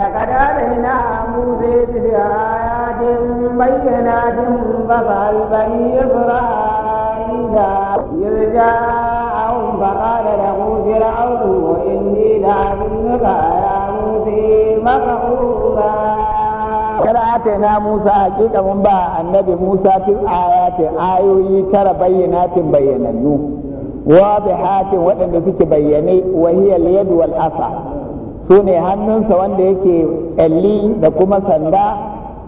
لقد آتينا موسى تسع آيات بينات فسأل بني إسرائيل إذ جاءهم فقال له فرعون وإني لأظنك يا موسى مفعولا kar atena Musa hakika mun ba annabi Musa tun ayatin ayoyi tara bayyanatin bayyanannu wadihatin waɗanda suke bayyane wahiyar yad asa su ne hannunsa wanda yake ƴalli da kuma sanda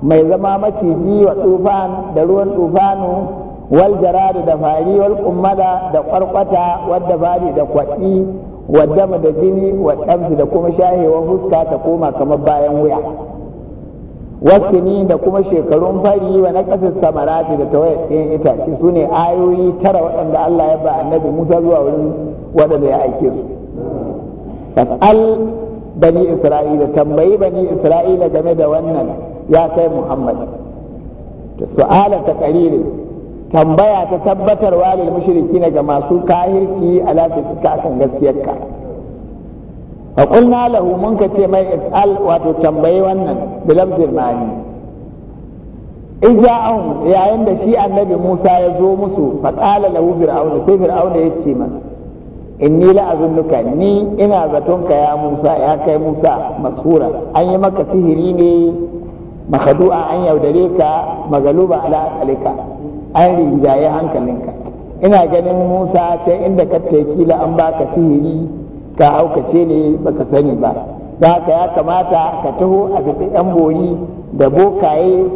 mai zama maciji wa tufan da ruwan tufanu wal jaradu da fari wal kummada da kwarkwata wadda fari da kwaɗi wadda da jini wa ɗamsi da kuma shahewa, fuska ta koma kamar bayan wuya wasini da kuma shekarun fari wa na ƙasar samarati da tawayar ɗin itace su ne ayoyi tara waɗanda Allah ya ba annabi Musa zuwa wurin waɗanda ya aike su fas'al bani isra'ila tambayi bani isra'ila game da wannan ya kai muhammad su'ala ta qariri tambaya ta tabbatar lil mushrikina ga masu kahirci ala fitka kan gaskiyarka fa qulna lahu mun ka ce mai is'al wato tambayi wannan bilam zirmani in ja'ahum yayin da shi annabi Musa ya zo musu faƙala qala lahu fir'auna sai fir'auna ya ce masa inni la'azunnuka ni ina zaton ka ya Musa ya kai Musa masura an yi maka sihiri ne makhadu'a an yaudare ka magaluba ala aqalika an rinjaye hankalinka ina ganin Musa can inda ka kila an baka sihiri ka haukace ne baka sani ba don haka ya kamata ka taho a fiɗi yan bori da bokaye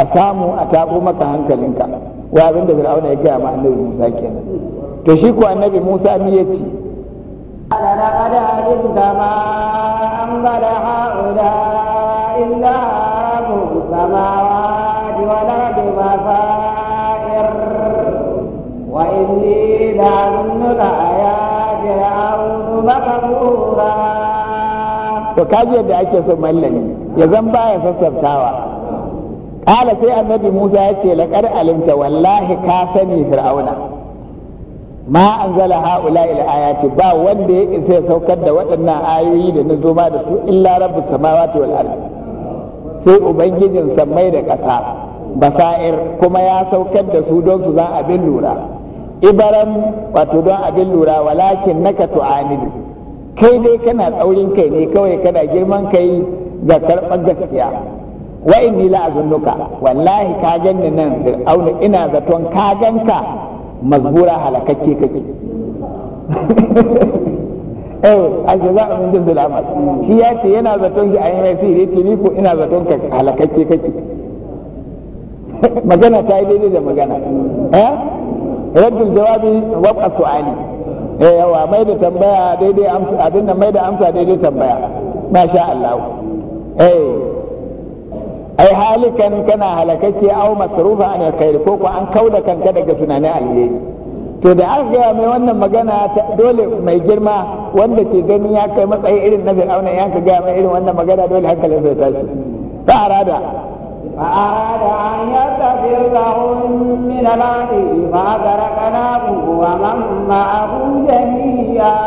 a samu a tabo maka hankalinka wa abinda da fir'auna ya gaya ma annabi Musa kenan to shi ko annabi Musa mi yace ala la qad alimta ma anzala haula illa samawati wal ardi basair wa inni la annuka ya fir'aun makabura to kaji da ake so mallami ya zan baya sassaftawa Ƙala sai annabi Musa ya ce laƙar alimta wallahi ka sani fir'auna ma anzala haula ila ayati ba wanda ya isa ya saukar da waɗannan ayoyi da na zoma ma da su illa rabbus samawati wal ard sai ubangijin sammai da ƙasa basair kuma ya saukar da su don su zan abin lura ibaran wato don abin lura walakin naka tu'anidu kai dai kana tsaurin kai ne kawai kana girman kai ga karɓar gaskiya wa inni la azunnuka wallahi ka ganni nan fir'auna ina zaton ka ganka mazbura halakakke kake eh ashe za a min jinsul amal shi ya ce yana zaton shi an yi mai sihiri ce ni ko ina zaton ka halakakke kake magana ta yi daidai da magana eh raddul jawabi wabqa su'ali eh yawa mai da tambaya daidai amsa abin nan mai da amsa daidai tambaya masha Allah eh ai halikan kana halakacce au masrufa an alkhair ko ko an kauda kanka daga tunani alheri to da aka gaya mai wannan magana dole mai girma wanda ke gani ya kai matsayi irin na fir'auna ya ka gaya mai irin wannan magana dole hankalin zai tashi ta arada فأراد أن يستفرهم من الأرض فأدركناه ومن معه جميعا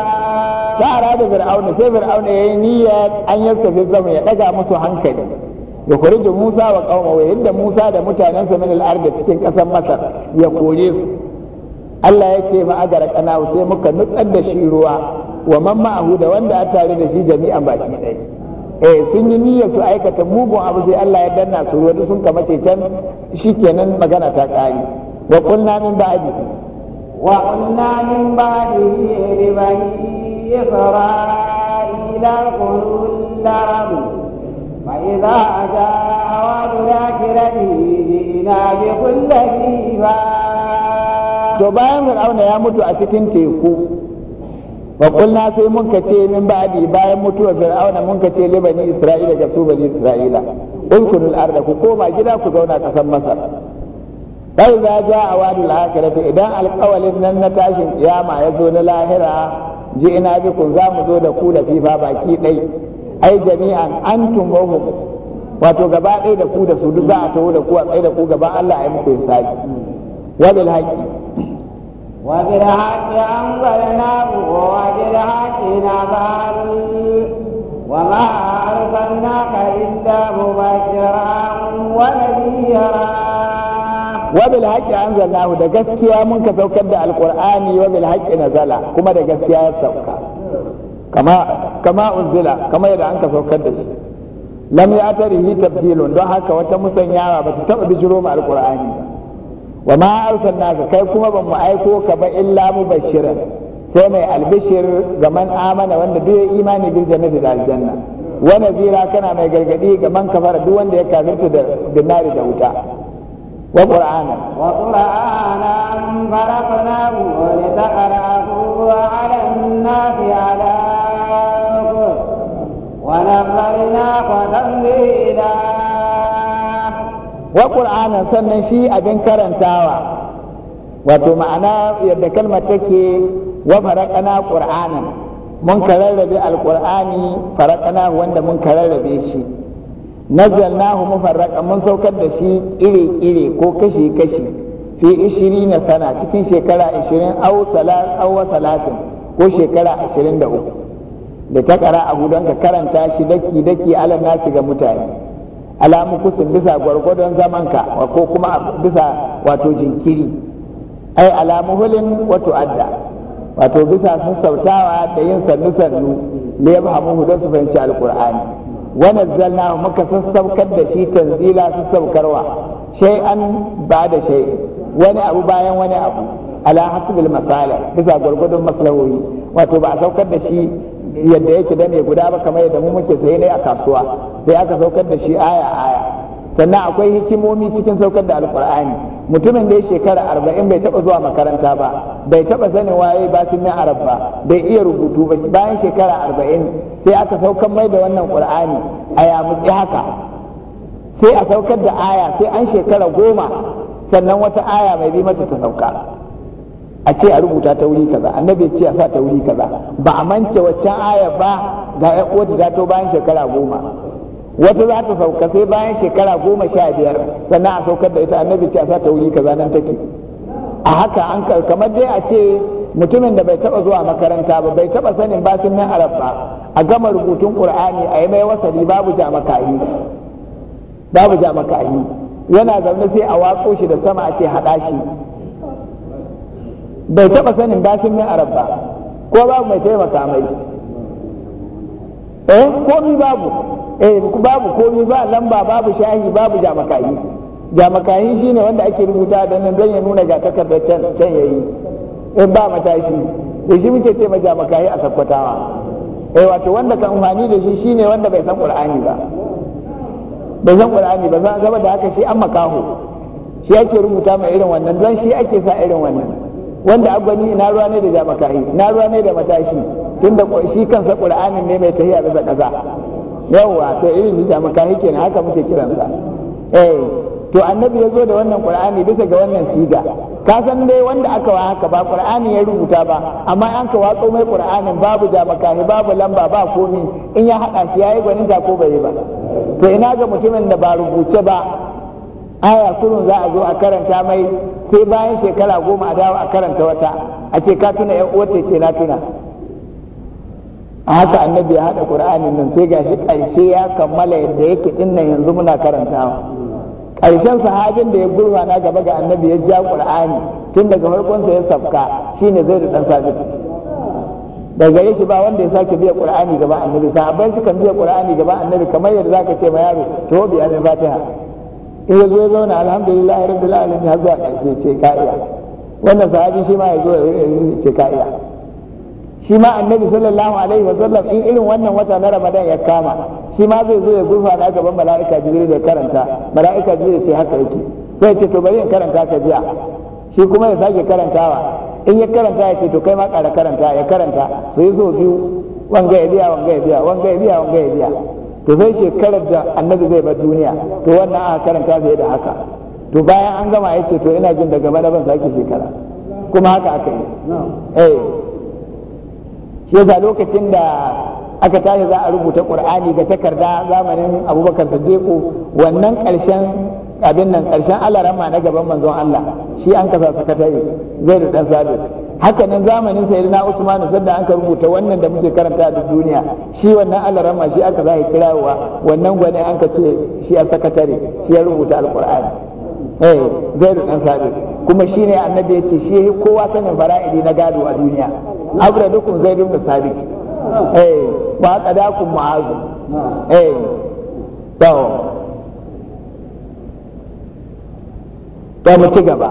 ta arada fir'auna sai fir'auna ya yi niyyar an yasa fi zama ya daga musu hankali yukhriju Musa wa qaumahu yadda Musa da mutanensa min da cikin ƙasar Masar ya kore su Allah ya ce ma'agara kana sai muka nutsar da shi ruwa wa man ma'ahu da wanda a tare da shi jami'an baki ɗaya eh sun yi niyyar su aikata mugun abu sai Allah ya danna su ruwa sun kama ce shi shikenan magana ta ƙare wa min ba'di wa min ba'di isra'ila فإذا جاء جئنا بكل ذي to bayan fir'auna ya mutu a cikin teku ba kulna sai mun ka ce min ba'di bayan mutuwar fir'auna mun ka ce libani isra'ila ga su bani isra'ila ulkunul arda ku koma gida ku zauna kasan masar bai za ja a wadul akhirati idan alkawalin nan na tashin kiyama ya zo na lahira ji ina bikun za mu zo da ku da fifa baki ɗai ai jami'an antum wa hum wato gaba ɗaya da ku da su duk za a taho da ku a tsaye da ku gaban Allah ya muku hisabi wa bil haqi wa bil an zalna wa bil na nazal wa ma arsalnaka illa mubashiran wa nadhira wabil haƙƙi an zallahu da gaskiya mun ka saukar da alƙur'ani wabil haƙƙi na zala kuma da gaskiya ya sauka kama kama uzila kama yadda an ka saukar da shi lam ya tarihi tabdilun don haka wata musanyawa ba ta taba bijiro ma alqur'ani ba wa ma arsalnaka kai kuma ban mu aiko ka ba illa mubashiran sai mai albishir ga man amana wanda duk ya imani bil jannati da aljanna wa nadhira kana mai gargadi ga man kafara duk wanda ya kafirta da dinari da wuta wa qur'ana wa qur'ana farafnahu wa litaqrahu ala an-nasi ala ونفرناه sannan shi abin karantawa, wato ma'ana yadda kalma take wa farakana qur'anan mun kararrabe alqur'ani farakana wanda mun kararrabe shi nazzalnahu mufarraqan mun saukar da shi kire-kire ko kashi-kashi fi 20 sana cikin shekara 20 aw salat aw salatin ko shekara 23 da ta kara abu don ka karanta shi daki daki ala nasi ga mutane alamu kusin bisa gwargwadon zamanka ko kuma bisa wato jinkiri ai alamu hulin wato adda wato bisa sassautawa da yin sannu sannu da ya fahimu don su fahimci alkur'ani wani zalna muka sassaukar da shi tanzila sassaukarwa an ba da shai wani abu bayan wani abu ala hasbil masala bisa gwargwadon maslahohi wato ba a saukar da shi yadda yake da ne guda ba kamar yadda mu muke sai ne a kasuwa sai aka saukar da shi aya aya sannan akwai hikimomi cikin saukar da alkur'ani mutumin da ya shekara arba'in bai taba zuwa makaranta ba bai taba sanin waye basin na arab ba bai iya rubutu ba bayan shekara arba'in sai aka saukar mai da wannan qur'ani a ya mutsi haka sai a saukar da aya sai an shekara goma sannan wata aya mai bi mata ta sauka a ce a rubuta ta wuri kaza annabi ce a sa ta wuri kaza ba a mance waccan aya ba ga ya uwata ta to bayan shekara goma wata za ta sauka sai bayan shekara goma sha biyar sannan a saukar da ita annabi ce a sa ta wuri kaza nan take a haka an kamar dai a ce mutumin da bai taba zuwa makaranta ba bai taba sanin sun min arab a gama rubutun qur'ani a yi mai wasali babu jamakahi babu jamakahi yana zaune sai a watso shi da sama a ce hada shi bai taɓa sanin basin min arab ba ko babu mai taimaka mai eh komi babu eh babu komi ba lamba babu shahi babu jamakayi jamakayi shine wanda ake rubuta da nan don ya nuna ga takardar can can yayi in ba matashi da shi muke ce ma jamakayi a sakkwatawa eh wato wanda kan amfani da shi shine wanda bai san qur'ani ba bai san qur'ani ba za a gaba da haka shi an makaho shi ake rubuta mai irin wannan don shi ake sa irin wannan wanda agwani na ruwa ne da jamakahi na ruwa ne da matashi tunda shi kansa qur'anin ne mai tahiya da kaza yawa to irin shi jamakahi kenan haka muke kiransa eh to annabi ya zo da wannan qur'ani bisa ga wannan siga ka san dai wanda aka wa haka ba qur'ani ya rubuta ba amma an ka watso mai qur'anin babu jamakahi babu lamba ba komi in ya hada shi yayi gwaninta ko bai ba to ina ga mutumin da ba rubuce ba aya kullum za a zo a karanta mai sai bayan shekara goma a dawo a karanta wata a ce ka tuna yan uwata ce na tuna a haka annabi ya haɗa ƙur'anin nan sai gashi ƙarshe ya kammala yadda yake dinnan yanzu muna karantawa ƙarshen sahabin da ya na gaba ga annabi ya ja ƙur'ani tun daga farkonsa ya safka shine zai da ɗan sabit gare shi ba wanda ya sake biya ƙur'ani gaba annabi sahabai sukan biya ƙur'ani gaba annabi kamar yadda zaka ce ma yaro to biya mai fatiha in ya zo ya zauna alhamdulillah rabbil alamin ya zuwa karshe ce ka'iya. iya wannan sahabi shi ma ya zo ya ce ka'iya shi ma annabi sallallahu alaihi wa sallam in irin wannan wata na ramadan ya kama shi ma zai zo ya gurfa da gaban mala'ika jibril da karanta mala'ika jibril ce haka yake sai ce to bari in karanta ka jiya shi kuma ya sake karantawa in ya karanta ya ce to kai ma ƙara karanta ya karanta sai zo biyu wanga ya biya wanga ya biya wanga ya biya wanga ya biya to sai shekarar da annabi zai bar duniya to wannan aka karanta zai da haka to bayan an gama ya ce to ina jin daga bana ban sake shekara kuma haka aka yi eh shi yasa lokacin da aka tashi za a rubuta qur'ani ga takarda zamanin abubakar siddiqu wannan ƙarshen abin nan ƙarshen alarama na gaban manzon Allah shi an kasa sakatare zai da dan sabit haka nan zamanin sayyidina Usman sadda an ka rubuta wannan da muke karanta a duniya shi wannan alarama shi aka zai kirawa wannan gwani an ka ce shi a sakatare shi ya rubuta alqur'ani eh da dan sabi kuma shine annabi ya ce shi kowa sanin fara'idi na gado a duniya abradukum zai bin sabit eh ba qadakum ma'azu eh to to mu ci gaba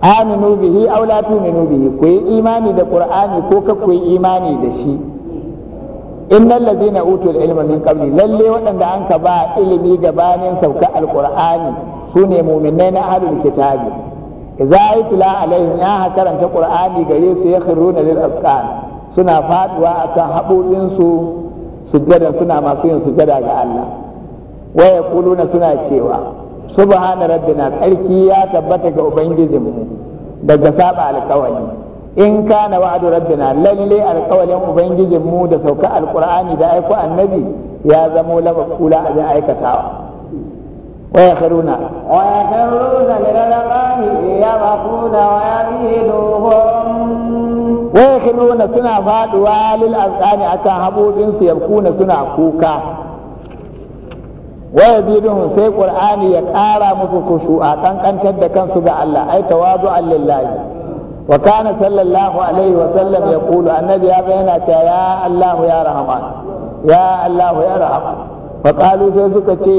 aminu bihi aw la tu'minu bihi ku yi imani da qur'ani ko ka ku yi imani da shi innal ladina utul ilma min qabli lalle waɗanda an ka ba ilimi gabanin sauka alqur'ani sune mu'minai na ahlul kitabi idza yutla alaihim ya karanta qur'ani gare su ya khiruna lil asqan suna faduwa akan habobin su sujjada suna masu yin sujjada ga Allah wa yaquluna suna cewa subhana rabbina tsarki ya tabbata ga ubangijinmu daga saba alkawari in kana wa'adu rabbina lalle alkawarin ubangijinmu da sauka alqur'ani da aiko annabi ya zamo laba kula a jin aikatawa waya karuna waya karuna ne rarrabani ya ba kuna waya bihe waya karuna suna faduwa lil azkani akan habobinsu yabkuna suna kuka wa zidun sai qur'ani ya ƙara musu khushu'a kankantar da kansu ga Allah ai tawadu'an lillahi wa kana sallallahu alaihi wa sallam yaqulu annabi ya yana ta ya Allah ya rahman ya Allah ya rahman fa qalu sai suka ce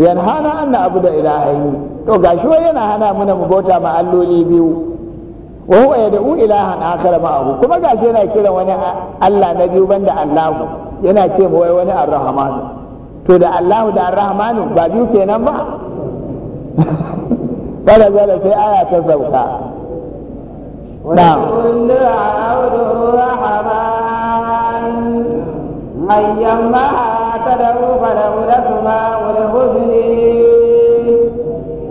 yanhana anna abuda ilahin to gashi wai yana hana muna mu bauta ma alloli biyu wa huwa yad'u ilahan akhar ma'ahu kuma gashi yana kiran wani Allah na biyu banda Allah yana ce wai wani arrahman rahman to da Allahu da Ar-Rahmanu ba biyu kenan ba kada zala sai aya ta sauka وَلَقَدْ عَوْدُ الرَّحْمَنُ أَيَّمَّا تَدْعُوا فَلَهُ الْأَسْمَاءُ الْحُسْنَى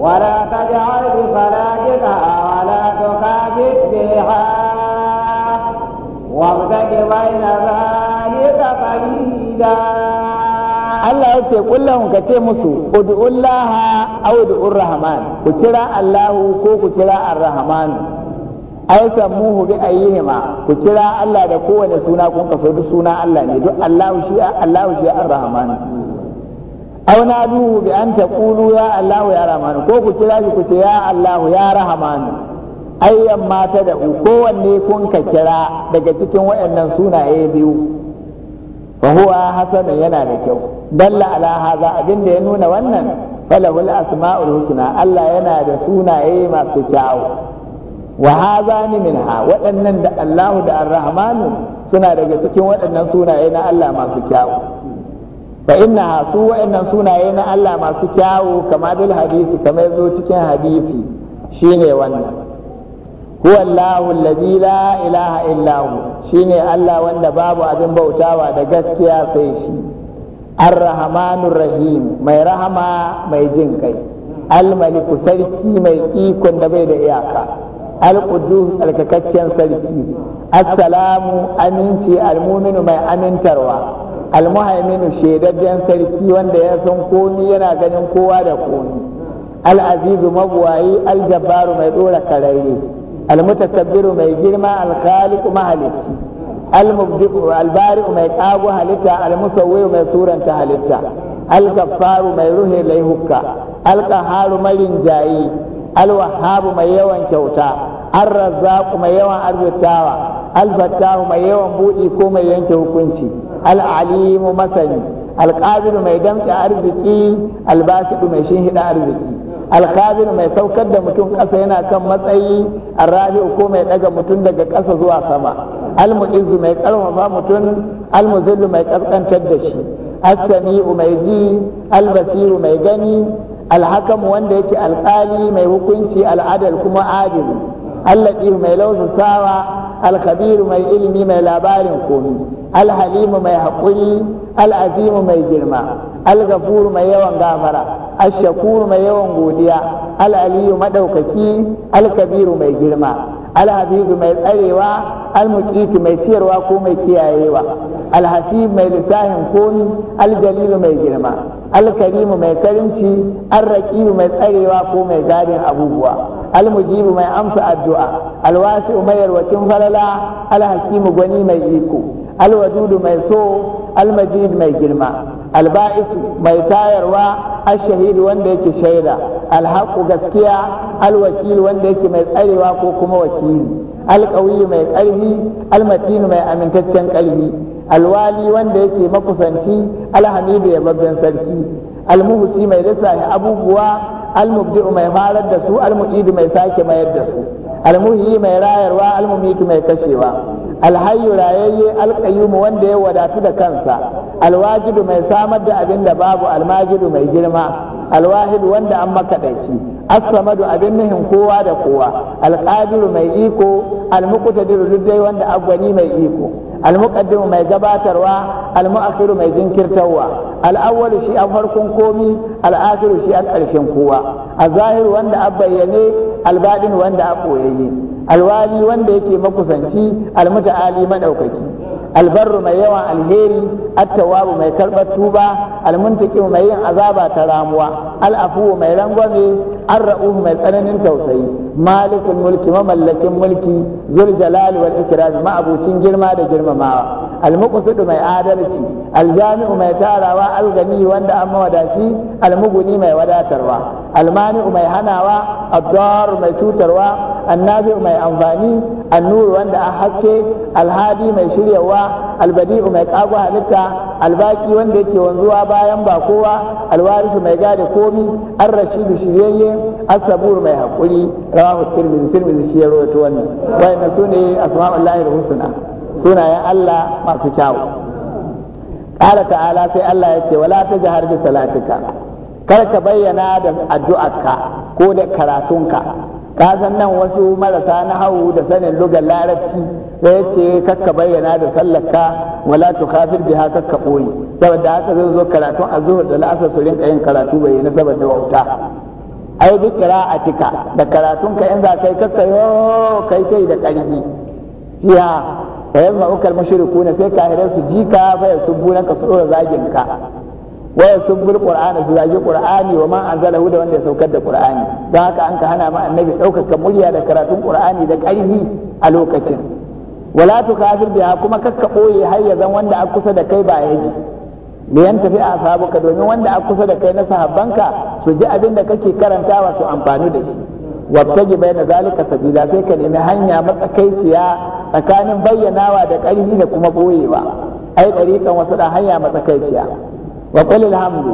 وَلَا تَجْعَلْ بِصَلَاتِكَ وَلَا تُخَافِتْ بِهَا وَابْتَغِ بَيْنَ ذَلِكَ سَبِيلًا Allah ya ce kullum ka ce musu ud'ullaha aw ud'ur rahman ku kira Allahu ko ku kira ar-rahman ai sammuhu bi ayyihima ku kira Allah da kowane suna kun kaso duk suna Allah ne duk Allahu shi Allahu shi ar-rahman aw naduhu bi an taqulu ya Allahu ya rahman ko ku kira shi ku ce ya Allahu ya rahman ayyan mata da kowanne kun ka kira daga cikin waɗannan sunaye biyu fahuwa hasanun yana da kyau dalla ala haza abin da ya nuna wannan falahul asma'ul husna Allah yana da sunaye masu kyawu wa haza ni minha waɗannan da Allahu da Ar-Rahmanu suna daga cikin waɗannan sunaye na Allah masu kyawu fa inna su waɗannan sunaye na Allah masu kyawu kama bil hadisi kamar yazo cikin hadisi shine wannan huwa Allahu allazi la ilaha illa hu shine Allah wanda babu abin bautawa da gaskiya sai shi ar rahim mai rahama mai jin kai al-maliku sarki mai ikon da bai da iyaka al-qudus tsarkakakken sarki assalamu aminci al-muminu mai amintarwa al-muhaiminu shaidadden sarki wanda ya san komi yana ganin kowa da komi al-azizu mabuwayi al-jabbaru mai dora kararre almutakabbiru mai girma alkhaliqu mahalicci almubdi'u albari'u mai tsago halitta almusawwiru mai suranta halitta alkaffaru mai ruhe laihuka alqaharu mai rinjayi alwahabu mai yawan kyauta arrazzaqu mai yawan arzikawa alfattahu mai yawan budi ko mai yanke hukunci al'alimu masani alqabilu mai damƙi arziki albasidu mai shinhida arziki alkabir mai saukar da mutum ƙasa yana kan matsayi arrabi'u ko mai ɗaga mutum daga ƙasa zuwa sama almu'izu mai ƙarfafa mutum almuzullu mai ƙasƙantar da shi as-sami'u mai ji albasiru mai gani alhakamu wanda yake alƙali mai hukunci al'adal kuma adili alladi mai lausasawa alkabiru mai ilimi mai labarin komi alhalimu mai haƙuri al'azimu mai girma algafuru mai yawan gafara ash-shakur mai yawan godiya al-aliyu madaukaki al-kabiru mai girma al-habibu mai tsarewa al-muqitu mai ciyarwa ko mai kiyayewa al-hasib mai lissahin komi al-jalilu mai girma al-karimu mai karimci al-raqibu mai tsarewa ko mai gadin abubuwa almujibu mai amsa addu'a alwasi mai yarwacin falala alhakimu gwani mai iko alwadudu mai so almajid mai girma alba'isu mai tayarwa ashahid wanda yake shaida alhaqu gaskiya alwakil wanda yake mai tsarewa ko kuma wakili alƙawi mai ƙarfi al-matinu mai amintaccen ƙarfi alwali wanda yake makusanci alhamidu babban sarki almuhusi mai lissafi abubuwa almubdi'u mai farar da su almu'idu mai sake mayar da su almuhi mai rayarwa almumitu mai kashewa alhayu rayayye alƙayyumu wanda ya wadatu da kansa alwajidu mai samar da abin da babu almajidu mai girma alwahidu wanda an makaɗaici assamadu abin nuhin kowa da kowa alƙadiru mai iko almuqtadiru dai wanda agwani mai iko almuqaddimu mai gabatarwa almuakhiru mai jinkirtarwa al'awwalu shi a farkon komi al'akhiru shi a ƙarshen kowa azahiru wanda a bayyane albaɗin wanda a koyayye alwali wanda yake makusanci almuta'ali madaukaki albarru mai yawan alheri attawabu mai karɓar tuba almuntaqim mai yin azaba ta ramuwa al'afu mai rangwame arra'uhu mai tsananin tausayi malikul mulki mamallakin mulki zul jalal wal ikram ma'abucin girma da girmamawa almuqsidu mai adalci aljami'u mai tarawa algani wanda an mawadaci almuguni mai wadatarwa almani'u mai hanawa addar mai cutarwa annabi mai amfani annuru wanda a haske alhadi mai shiryawa rayuwa albadi'u mai kago halitta albaki wanda yake wanzuwa bayan ba kowa alwarisu mai gadi komi an rashidu shiryayye asabur mai hakuri rawahu tirmidhi tirmidhi shi ya rawaito wannan wayanna sune asma'ullahi husna sunayen Allah masu kyau. qala ta'ala sai Allah yace wala tajhar bi salatika kar ka bayyana da addu'arka ko da karatunka ka nan wasu marasa na hau da sanin lugar larabci da ya ce kakka bayyana da sallaka wala tu khafir biha kakka boye saboda haka zai zo karatun a zuhur da la'asar su rinka yin karatu bayyana saboda wauta ai bi a cika da karatun ka in za oh, kai kakka yo kai kai da karfi fiya fa yanzu ukal na sai kahirai su jika fa yasubbu naka su dora zagin ka waya sun bi qur'ani su zagi qur'ani wa ma anzalahu da wanda ya saukar da qur'ani don haka an ka hana ma annabi ɗaukaka murya da karatun qur'ani da ƙarfi a lokacin wala kafir biha kuma kakka boye har ya zan wanda a kusa da kai ba ya ji yan tafi a ka domin wanda a kusa da kai na sahabbanka su ji abin da kake karantawa su amfani da shi wabtaji bai na zalika sabila sai ka nemi hanya matsakaiciya tsakanin bayyanawa da ƙarfi da kuma boyewa ai dariƙan wasu da hanya matsakaiciya وقل الحمد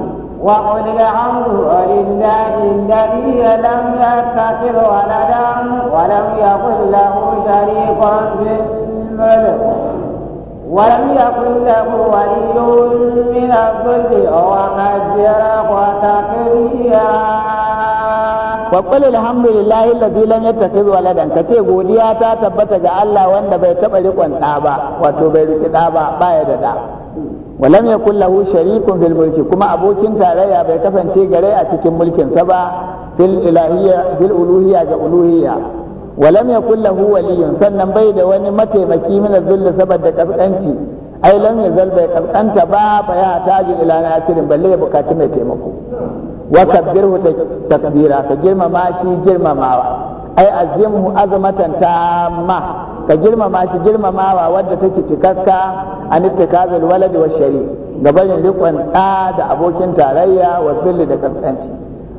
وقل الحمد لله الذي لم يتخذ ولدا ولم يكن له شريك في الملك ولم يكن له ولي من الذل وكبره وتكبيرا faƙul alhamdulillahi alladhi zuwa yattakhidh waladan kace godiya ta tabbata ga Allah wanda bai taba rikon ɗa ba wato bai riki ɗa ba baya da da. walam ya kullahu sharikun fil mulki kuma abokin tarayya bai kasance gare a cikin mulkin sa ba fil ilahiyya fil uluhiyya ga uluhiyya walam ya kullahu waliyun sannan bai da wani mataimaki mana zulli saboda kaskanci ai lam yazal bai kaskanta ba ya taji ila nasirin balle ya bukaci mai taimako wa kabbirhu takbira ka girmama shi girmamawa ai azimhu azmatan tamma ka girmama shi girmamawa wadda take cikakka an ittikazul waladi wa shari ga barin rikon da da abokin tarayya wa billi da kaskanci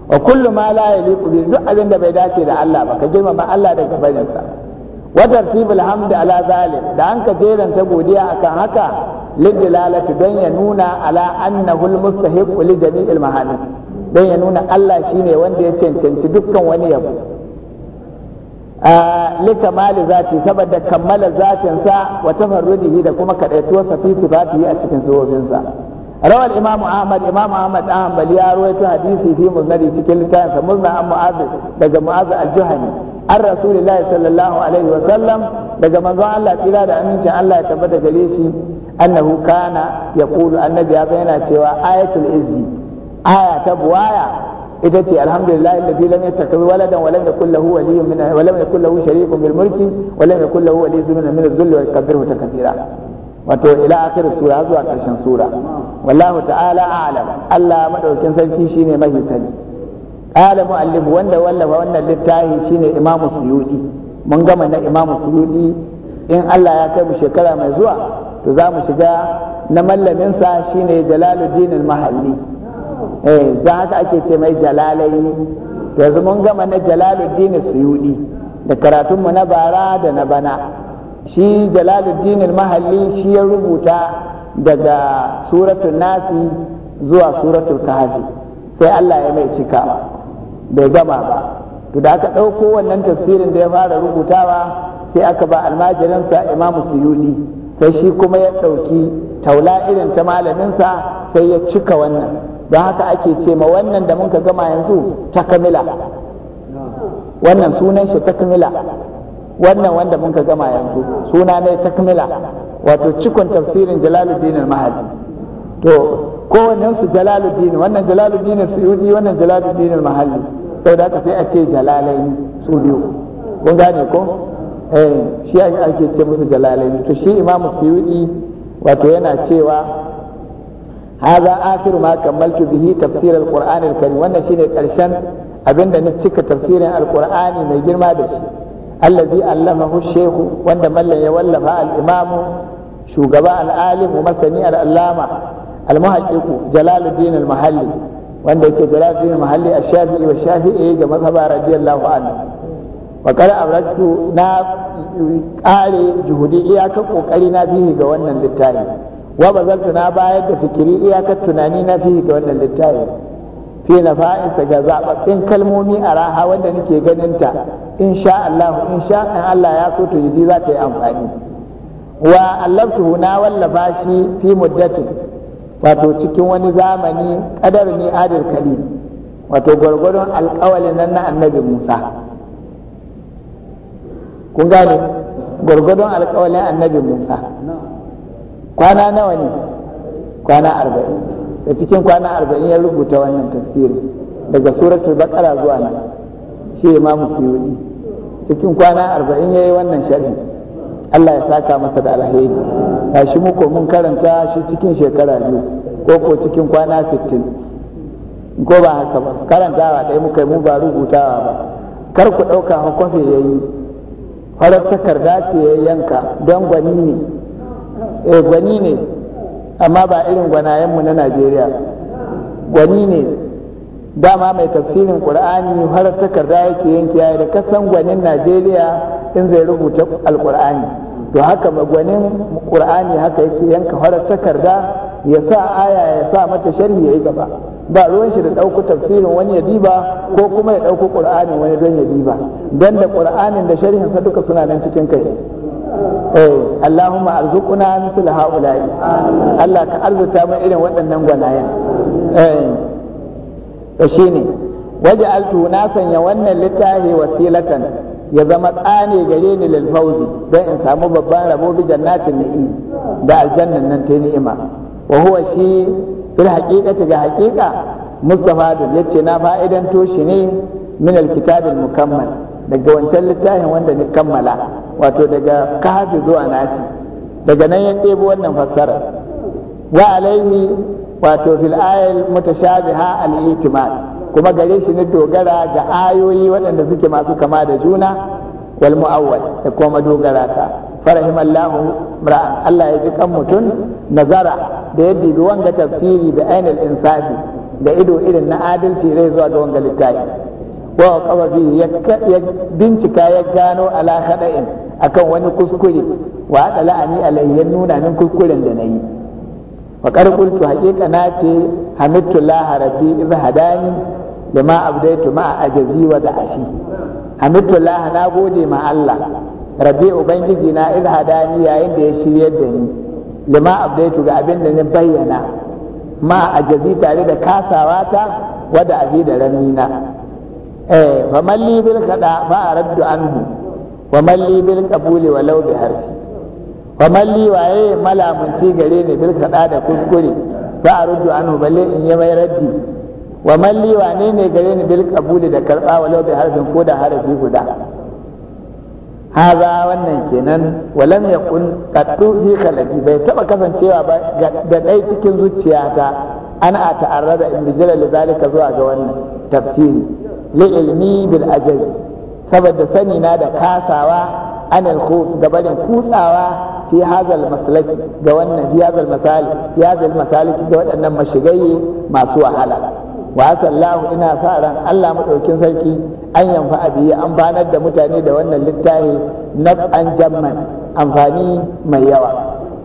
wa kullu ma la yaliqu bi duk abin da bai dace da Allah ba ka girmama Allah daga barin sa wa tartibul hamd ala zalim da an ka jeran ta godiya akan haka lidilalati don ya nuna ala annahu almustahiq li jami'il mahamid don ya nuna Allah shine wanda ya cancanci dukkan wani yabo likamali zati saboda kammala zatinsa wa tafarrudihi da kuma kadaituwarsa fi sifatihi a cikin sifofinsa rawal imam ahmad imam ahmad dan hanbali ya rawaito hadisi fi muznadi cikin litafin sa muzna an mu'az daga mu'az al-juhani an rasulullahi sallallahu alaihi wa sallam daga manzon Allah tsira da amincin Allah ya tabbata gare shi annahu kana yaqulu annabi ya yana cewa ayatul izzi aya ta buwaya ita ce alhamdulillah alladhi lam yattakhidh waladan wa lam yakul lahu waliyyun min wa lam yakul lahu sharikun bil mulki wa lam yakul lahu waliyyun min adh-dhulli wa kabbirhu takbira wato ila akhir sura zuwa karshen sura wallahu ta'ala a'lam Allah madaukin sarki shine mahi sani qala mu'allif wanda wallafa wannan littafi shine imam suyudi mun gama na imam suyudi in Allah ya kai mu shekara mai zuwa to za mu shiga na mallamin sa shine jalaluddin al-mahalli eh da haka ake ce mai Jalalai. ne yanzu mun gama na jalaluddin suyudi da karatun mu na bara da na bana shi jalaluddin mahalli shi ya rubuta daga suratul nasi zuwa suratul kahfi sai Allah ya mai cika, bai gama ba to da aka ɗauko wannan tafsirin da ya fara rubutawa sai aka ba almajirinsa imamu suyudi sai shi kuma ya ɗauki taula irin ta malaminsa sai ya cika wannan don haka ake ce ma wannan da mun ka gama yanzu takamila wannan sunan shi takamila wannan wanda mun ka gama yanzu suna ne takamila wato cikon tafsirin jalaluddin al-mahadi to kowannen su jalaluddin wannan jalaluddin suyudi wannan jalaluddin al-mahalli da haka sai a ce jalalaini su biyu kun gane ko eh shi ake ce musu jalalaini to shi imamu suyudi wato yana cewa hadha afir ma kammaltu bihi tafsir alquran alkarim wannan shine karshen abinda na cika tafsirin alqurani mai girma da shi allazi allamahu shehu wanda mallam ya wallafa al'imamu shugaba al-alim masani al-allama al-muhaqqiq jalaluddin al-mahalli wanda yake jalaluddin al-mahalli a shafii wa shafi'i ga mazhaba radiyallahu anhu wa qala abraktu na ƙare juhudi iyaka ƙoƙari na bihi ga wannan littafi wa zan na bayar da fikiri iyakar tunani na fi ga wannan littafi fi na fa'isa ga zababbin kalmomi a raha wanda nake ganin ta sha Allah sha in Allah ya so to yi za ta yi amfani wa allaftuhu na wallafa shi fi muddati wato cikin wani zamani kadar ne adil kalim wato gwargwaron alkawalin nan na annabi Musa kun gane gwargwadon alƙawalin annabi Musa kwana nawa ne kwana arba'in da cikin kwana arba'in ya rubuta wannan tafsirin daga suratul baqara zuwa nan shi imamu suyudi cikin kwana arba'in ya yi wannan sharhin Allah ya saka masa da alheri shi muku mun karanta shi cikin shekara biyu ko ko cikin kwana sittin ko ba haka ba karantawa ɗaya muka yi mu ba rubutawa ba kar ku ɗauka hakwafe ya yi farar takarda ce ya yanka don gwani ne eh gwani ne amma ba irin gwanayenmu na najeriya gwani ne dama mai tafsirin ƙur'ani har takarda yake yanke yayi da kasan gwanin najeriya in zai rubuta Alƙur'ani. to haka gwanin ƙur'ani haka yake yanka farar takarda ya sa aya ya sa mata sharhi yayi gaba ba ruwan shi da ɗauko tafsirin wani ya diba ko kuma ya ɗauko ƙur'anin wani don ya diba don da ƙur'anin da sharhinsa duka suna nan cikin kai Eh, Allahumma arzukuna misal haula'i Allah ka arzuta mu irin waɗannan gwanayen eh to shine waja'altu na sanya wannan littafi wasilatan ya zama tsane gare ni lil fawzi don in samu babban rabo bi jannatin ni'im da aljannan nan ta ni'ima wa huwa shi bil haqiqati ga haqiqa mustafa da yace na fa'idan to shi ne min alkitabil mukammal daga wancan littafin wanda ni kammala wato daga kafi zuwa nasi daga nan ya ɗebo wannan fassara wa alaihi wato fil ayal mutashabiha al itimad kuma gare shi ne dogara ga ayoyi waɗanda suke masu kama da juna wal mu'awwal da kuma dogara ta farahim Allah ra'an Allah ya ji kan mutum nazara da ya dibi wanga tafsiri da ainul insafi da ido irin na adalci rai zuwa ga wanga littafi wa qaba bi ya bincika ya gano ala hada'in akan wani kuskure wa hada la'ani alayhi ya nuna min kuskuren da nayi wa kultu haqiqa na ce hamidtu rabbi iz hadani lima abdaitu ma ajazi wa da'afi hamidtu laha na gode ma Allah rabbi ubangiji na iz hadani yayin da ya shiryar da ni lima abdaitu ga abin da ni bayyana ma ajazi tare da kasawata wa da'afi da na. eh fa malli bil kada fa araddu anhu wa malli bil qabuli walau bi harfi fa malli waye malamunci gare ni bil kada da kuskure fa araddu anhu balle in yi mai raddi wa malli wane ne gare ni bil qabuli da karba walau bi harfin ko da harfi guda haza wannan kenan walam yakun qaddu fi qalbi bai taba kasancewa ba da dai cikin zuciyata ana ta'arrada in bijira lidalika zuwa ga wannan tafsiri li'ilmi bil ajabi saboda sani na da kasawa anil khuf gabarin kutsawa fi hazal maslaki ga wannan fi hazal masali fi hazal masaliki ga waɗannan mashigaye masu wahala wa sallahu ina sa ran Allah madaukin sarki an yanfa abiye an banar da mutane da wannan littafi na an jamman amfani mai yawa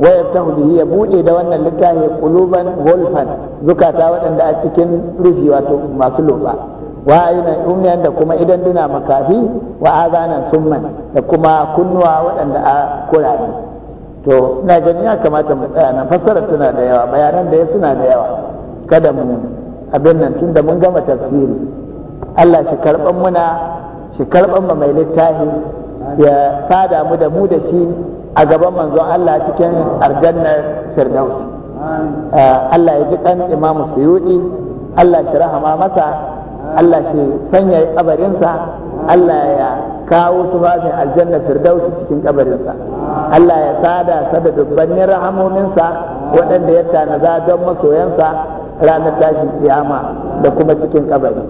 wayar ta hudu ya bude da wannan littafi kuluban golfan zukata waɗanda a cikin rufi wato masu loba wa ayunan da kuma idan duna makafi wa azanan summan da kuma kunnuwa waɗanda a kuraje to ina ganin ya kamata mu tsaya nan fassarar tana da yawa bayanan da ya suna da yawa kada mu abin nan tunda mun gama tafsiri Allah shi karban muna shi karban ma mai littafi ya sada mu da mu da shi a gaban manzon Allah cikin aljannar firdausi ah, Allah ya ji kan imamu suyudi Allah shi rahama masa Allah shi sanya kabarinsa Allah ya kawo tufafin aljanna firdausi cikin kabarinsa Allah ya sada sa da dubbannin rahamominsa waɗanda ya tanaza don masoyansa ranar tashin kiyama da kuma cikin kabari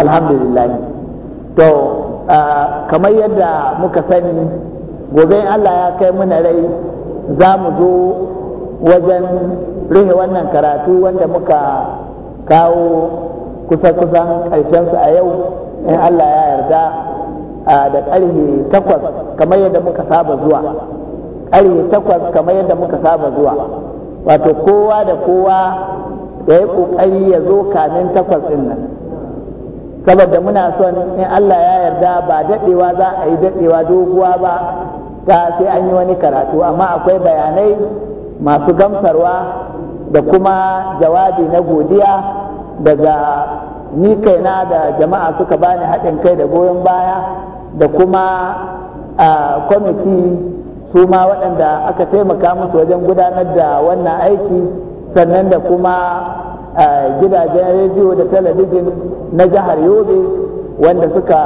alhamdulillah to kamar yadda muka sani gobe Allah ya kai muna rai za mu zo wajen rihe wannan karatu wanda muka kawo kusa kusan su a yau in Allah ya yarda da ƙarhe takwas kamar yadda muka saba zuwa ƙarhe takwas kamar yadda muka saba zuwa wato kowa da kowa ya yi ƙoƙari ya zo kamin takwas ɗin nan saboda muna son in Allah ya yarda ba daɗewa za a yi daɗewa doguwa ba ta sai an yi wani karatu amma akwai bayanai masu gamsarwa da kuma jawabi na godiya daga ni kaina da jama'a suka bani haɗin kai da goyon baya da kuma a kwamiti su ma waɗanda aka taimaka musu wajen gudanar da wannan aiki sannan da kuma gidajen rediyo da talabijin na jihar yobe wanda suka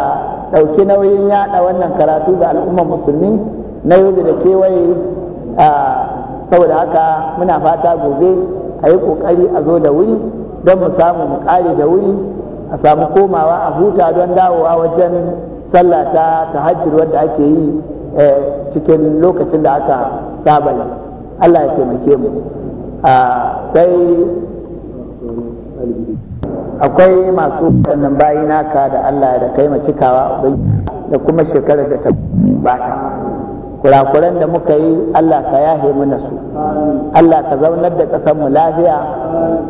ɗauki nauyin yada wannan karatu ga al'ummar musulmi na yobe da kewaye saboda haka muna fata gobe a yi ƙoƙari a zo da wuri don mu samu mu ƙare da wuri a samu komawa a huta don dawowa wajen sallah ta tahajjud wadda ake yi eh, cikin lokacin da aka saba yi Allah ya taimake mu ah, sai akwai masu waɗannan bayi naka da Allah da kai cikawa da kuma shekarar da ta bata kurakuran da muka yi Allah ka yahe mana su Allah ka zaunar da ƙasar mu lafiya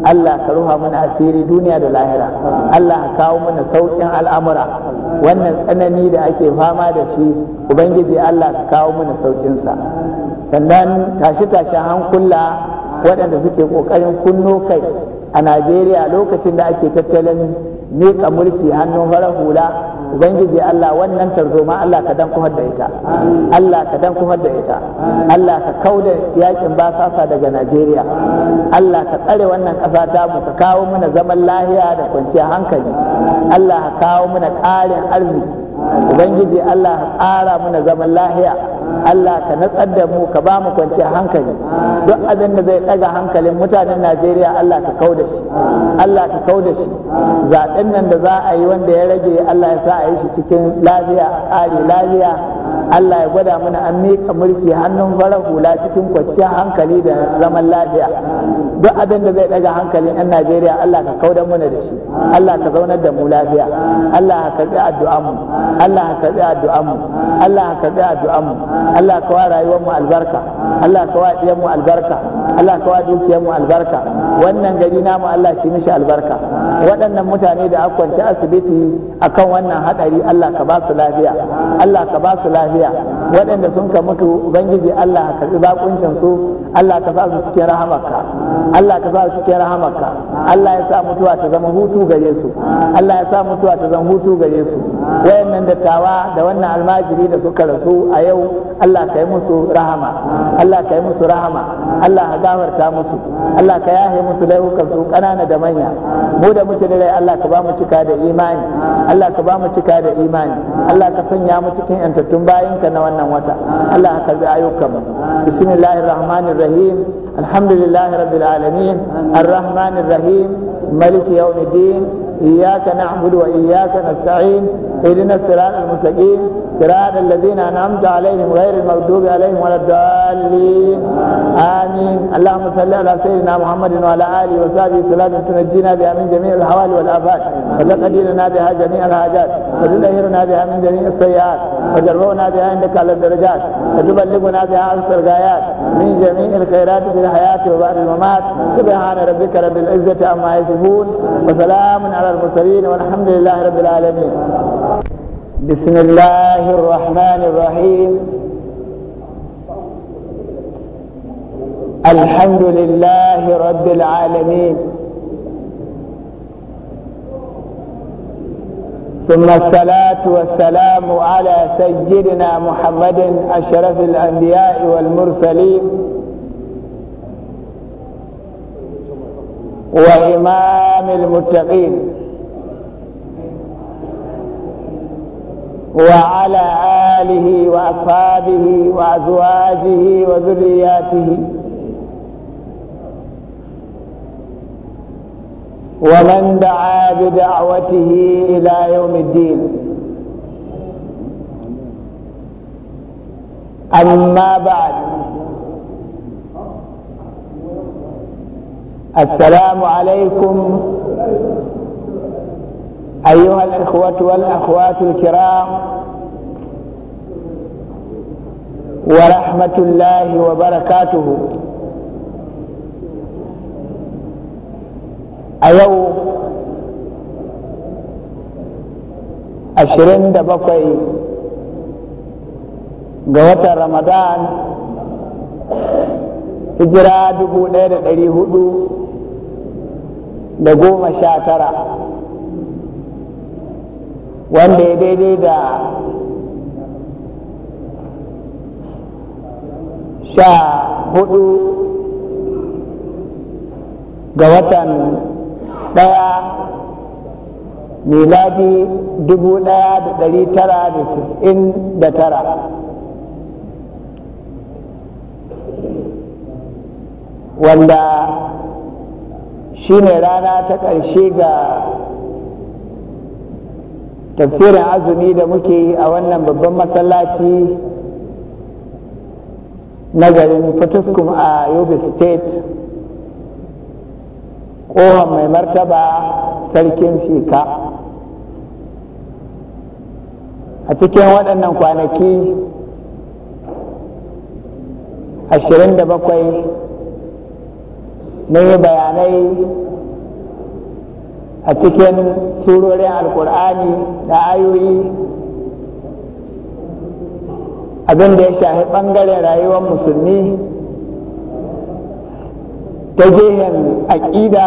Allah ka ruha mana asiri duniya da lahira Allah ka kawo mana sauƙin al'amura wannan tsanani da ake fama da shi ubangiji Allah ka kawo mana sa sannan tashi tashi hankula waɗanda suke ƙoƙarin kunno kai a najeriya lokacin da ake tattalin miƙa mulki hannun farar hula ubangiji Allah wannan tarzoma Allah ka dan kuhar da ita Allah ka dan kuhar da ita Allah ka da yakin basasa daga Najeriya Allah ka tsare wannan ƙasa ta mu ka kawo mana zaman lahiya da kwanciyar hankali Allah ka kawo mana ƙarin arziki ubangiji Allah ka ƙara mana zaman lahiya Allah ka natsar da mu ka ba mu kwanciyar hankali duk abin da zai ɗaga hankalin mutanen Najeriya Allah ka kau da shi Allah ka kau shi zaɓen nan da za a yi wanda ya rage Allah ya sa a yi shi cikin lafiya a ƙari lafiya Allah ya gwada mana an miƙa mulki hannun farar hula cikin kwanciyar hankali da zaman lafiya duk abin da zai ɗaga hankalin 'yan Najeriya Allah ka kauda mana da shi Allah ka zaunar da mu lafiya Allah ka addu'a mu. Allah ka addu'a mu. Allah ka addu'a mu. Allah ka wa rayuwar mu albarka Allah ka wa diyan mu albarka Allah ka wa dukiyar mu albarka wannan gari namu Allah shi mishi albarka waɗannan mutane da aka kwance asibiti akan wannan hadari Allah ka ba su lafiya Allah ka ba su lafiya gracias. waɗanda sun ka mutu ubangiji Allah ka karbi bakuncin su Allah ka sa su cikin rahamarka Allah ka sa su cikin rahamarka Allah ya sa mutuwa ta zama hutu gare su Allah ya sa mutuwa ta zama hutu gare su wayannan dattawa da wannan almajiri da suka rasu a yau Allah ka yi musu rahama Allah ka yi musu rahama Allah ka gafarta musu Allah ka yahe musu laifukan su kanana da manya mu da muke da rai Allah ka ba mu cika da imani Allah ka ba mu cika da imani Allah ka sanya mu cikin yantattun bayinka na wannan wannan wata Allah ka karbi ayyukan mu bismillahir rahmanir rahim alhamdulillahi rabbil alamin arrahmanir rahim maliki yawmiddin إياك نعبد وإياك نستعين إذن السراء المستقيم سراء الذين أنعمت عليهم غير المغضوب عليهم ولا الضالين آمين اللهم صل على سيدنا محمد وعلى آله وصحبه السلام تنجينا بها من جميع الحوال والآفات وتقديرنا بها جميع الحاجات وتطهرنا بها من جميع السيئات وترفعنا بها عندك على الدرجات وتبلغنا بها أقصى الغايات من جميع الخيرات في الحياة وبعد الممات سبحان ربك رب العزة عما يصفون وسلام على على المرسلين والحمد لله رب العالمين بسم الله الرحمن الرحيم الحمد لله رب العالمين ثم الصلاة والسلام على سيدنا محمد أشرف الأنبياء والمرسلين وإمام المتقين وعلى آله وأصحابه وأزواجه وذرياته ومن دعا بدعوته إلى يوم الدين أما بعد السلام عليكم أيها الإخوة والأخوات الكرام ورحمة الله وبركاته اليوم أشرين دبقي قوة رمضان hijira دبو ɗaya da da goma sha tara wanda ya daidai da sha hudu ga watan daya miladi dubu daya da dari tara da tis'in da tara wanda Shi ne rana ta ƙarshe ga tafsirin azumi da muke yi a wannan babban masallaci na garin fatuskum a yobe state ƙohon mai martaba sarkin fika a cikin waɗannan kwanaki 27 na yi bayanai a cikin surorin alkur'ani da ayoyi abin da ya shafi ɓangaren rayuwar musulmi ta gehen aƙida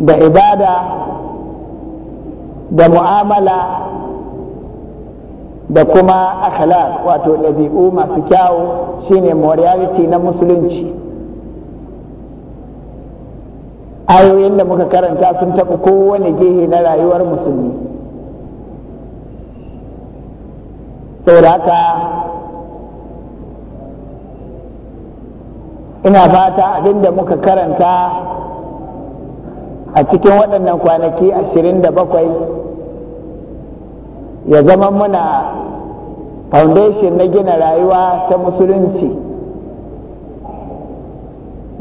da ibada da mu'amala da kuma akhlaq wato ɗabi'u masu kyawu shine moriality na musulunci ayoyin da muka karanta sun taɓa kowane gehe na rayuwar musulmi saboda haka ina fata abin da muka karanta a cikin waɗannan kwanaki ashirin da bakwai ya zama muna foundation na gina rayuwa ta musulunci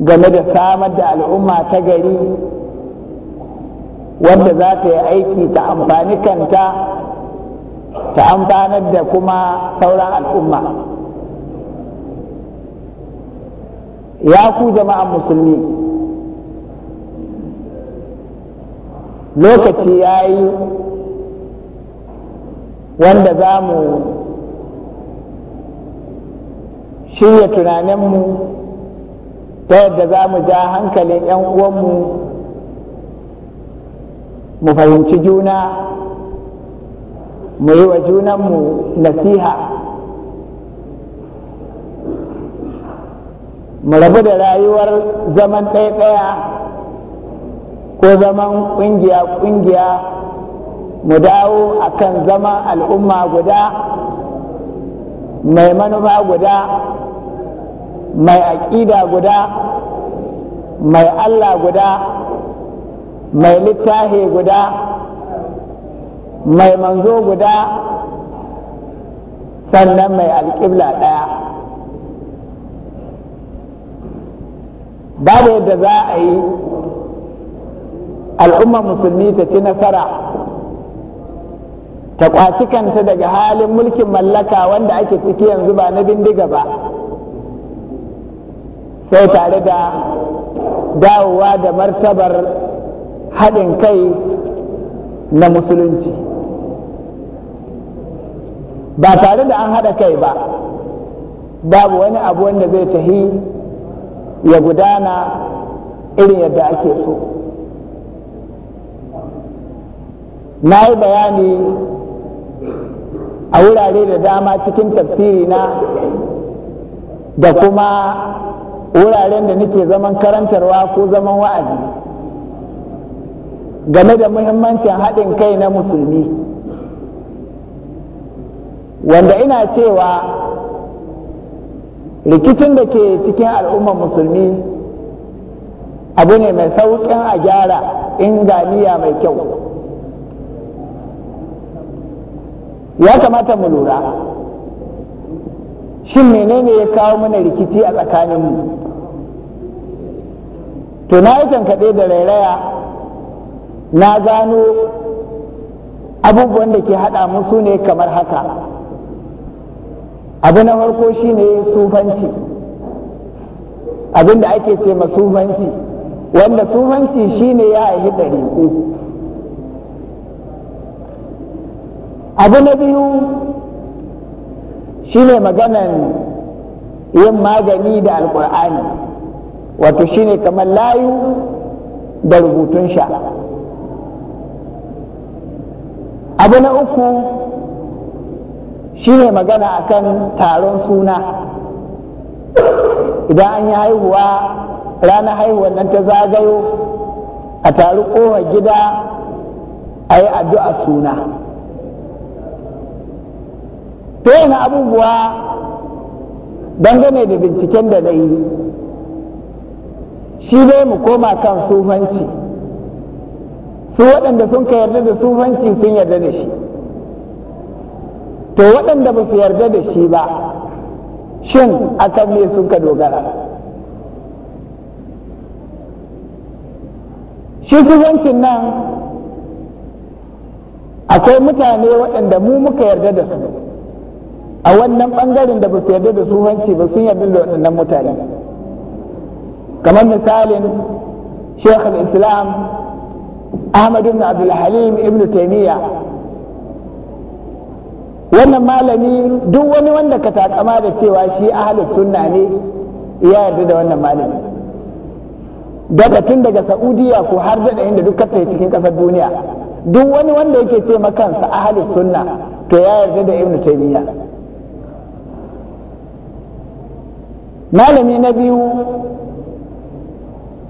game da samar da al'umma ta gari wadda za ta yi aiki ta amfani kanta ta amfanar da kuma sauran al'umma ya ku jama'an musulmi lokaci ya yi wanda za mu shirya tunaninmu ta yadda za mu ja hankalin 'yan uwanmu mu fahimci juna mu yi wa junanmu nasiha mu rabu da rayuwar zaman ɗaya-ɗaya ko zaman ƙungiya-ƙungiya mu dawo a kan zaman al'umma guda mai manufa guda mai aƙida guda mai Allah guda mai littahi guda mai manzo guda sannan mai alƙibla ɗaya babu yadda za a yi al'ummar musulmi ta ci nasara ta kwaci kanta daga halin mulkin mallaka wanda ake ciki yanzu ba na bindiga ba sai tare da dawowa da martabar haɗin kai na musulunci ba tare da an haɗa kai ba babu wani abu wanda zai tahi ya gudana irin yadda ake so na yi bayani a wurare da dama cikin tafsiri na da kuma wuraren da nake zaman karantarwa ko zaman wa'azi game da muhimmancin haɗin kai na musulmi wanda ina cewa rikicin da ke cikin al'ummar musulmi abu ne mai sauƙin a gyara in ganiya mai kyau ya kamata mu lura shin menene ya kawo mana rikici a tsakaninmu to na yi tankaɗe da rairaya na gano abubuwan da ke haɗa musu ne kamar haka abu na farko shi ne sufanci abinda da ake ce ma sufanci wanda sufanci shi ne ya haihi ɗari abu na biyu shi ne maganan yin magani da alƙur'ani wato shine kamar layu da rubutun sha abu na uku shine magana akan taron suna idan an yi haihuwa ranar haihuwar nan ta zagayo a taru kowa gida a yi addu'a suna to yana abubuwa dangane da binciken da na yi shi dai mu koma kan sufanci su waɗanda sun ka yarda da sufanci sun yarda da shi to waɗanda ba su yarda da shi ba shin akan ne sun ka dogara shi sufancin nan akwai mutane waɗanda mu muka yarda da su a wannan ɓangaren da ba su yarda da sufanci ba sun yarda da waɗannan mutane kamar misalin sheikh islam ahmad ibn abdulhalim ibn taimiyya wannan malami duk wani wanda ka takama da cewa shi ahalus ne ya yarda da wannan malami daga tun daga Saudiyya ko har daɗa inda duk ta cikin ƙasar duniya duk wani wanda yake ce makansa ahalus sunna to ya yarda da ibn taimiyya malami na biyu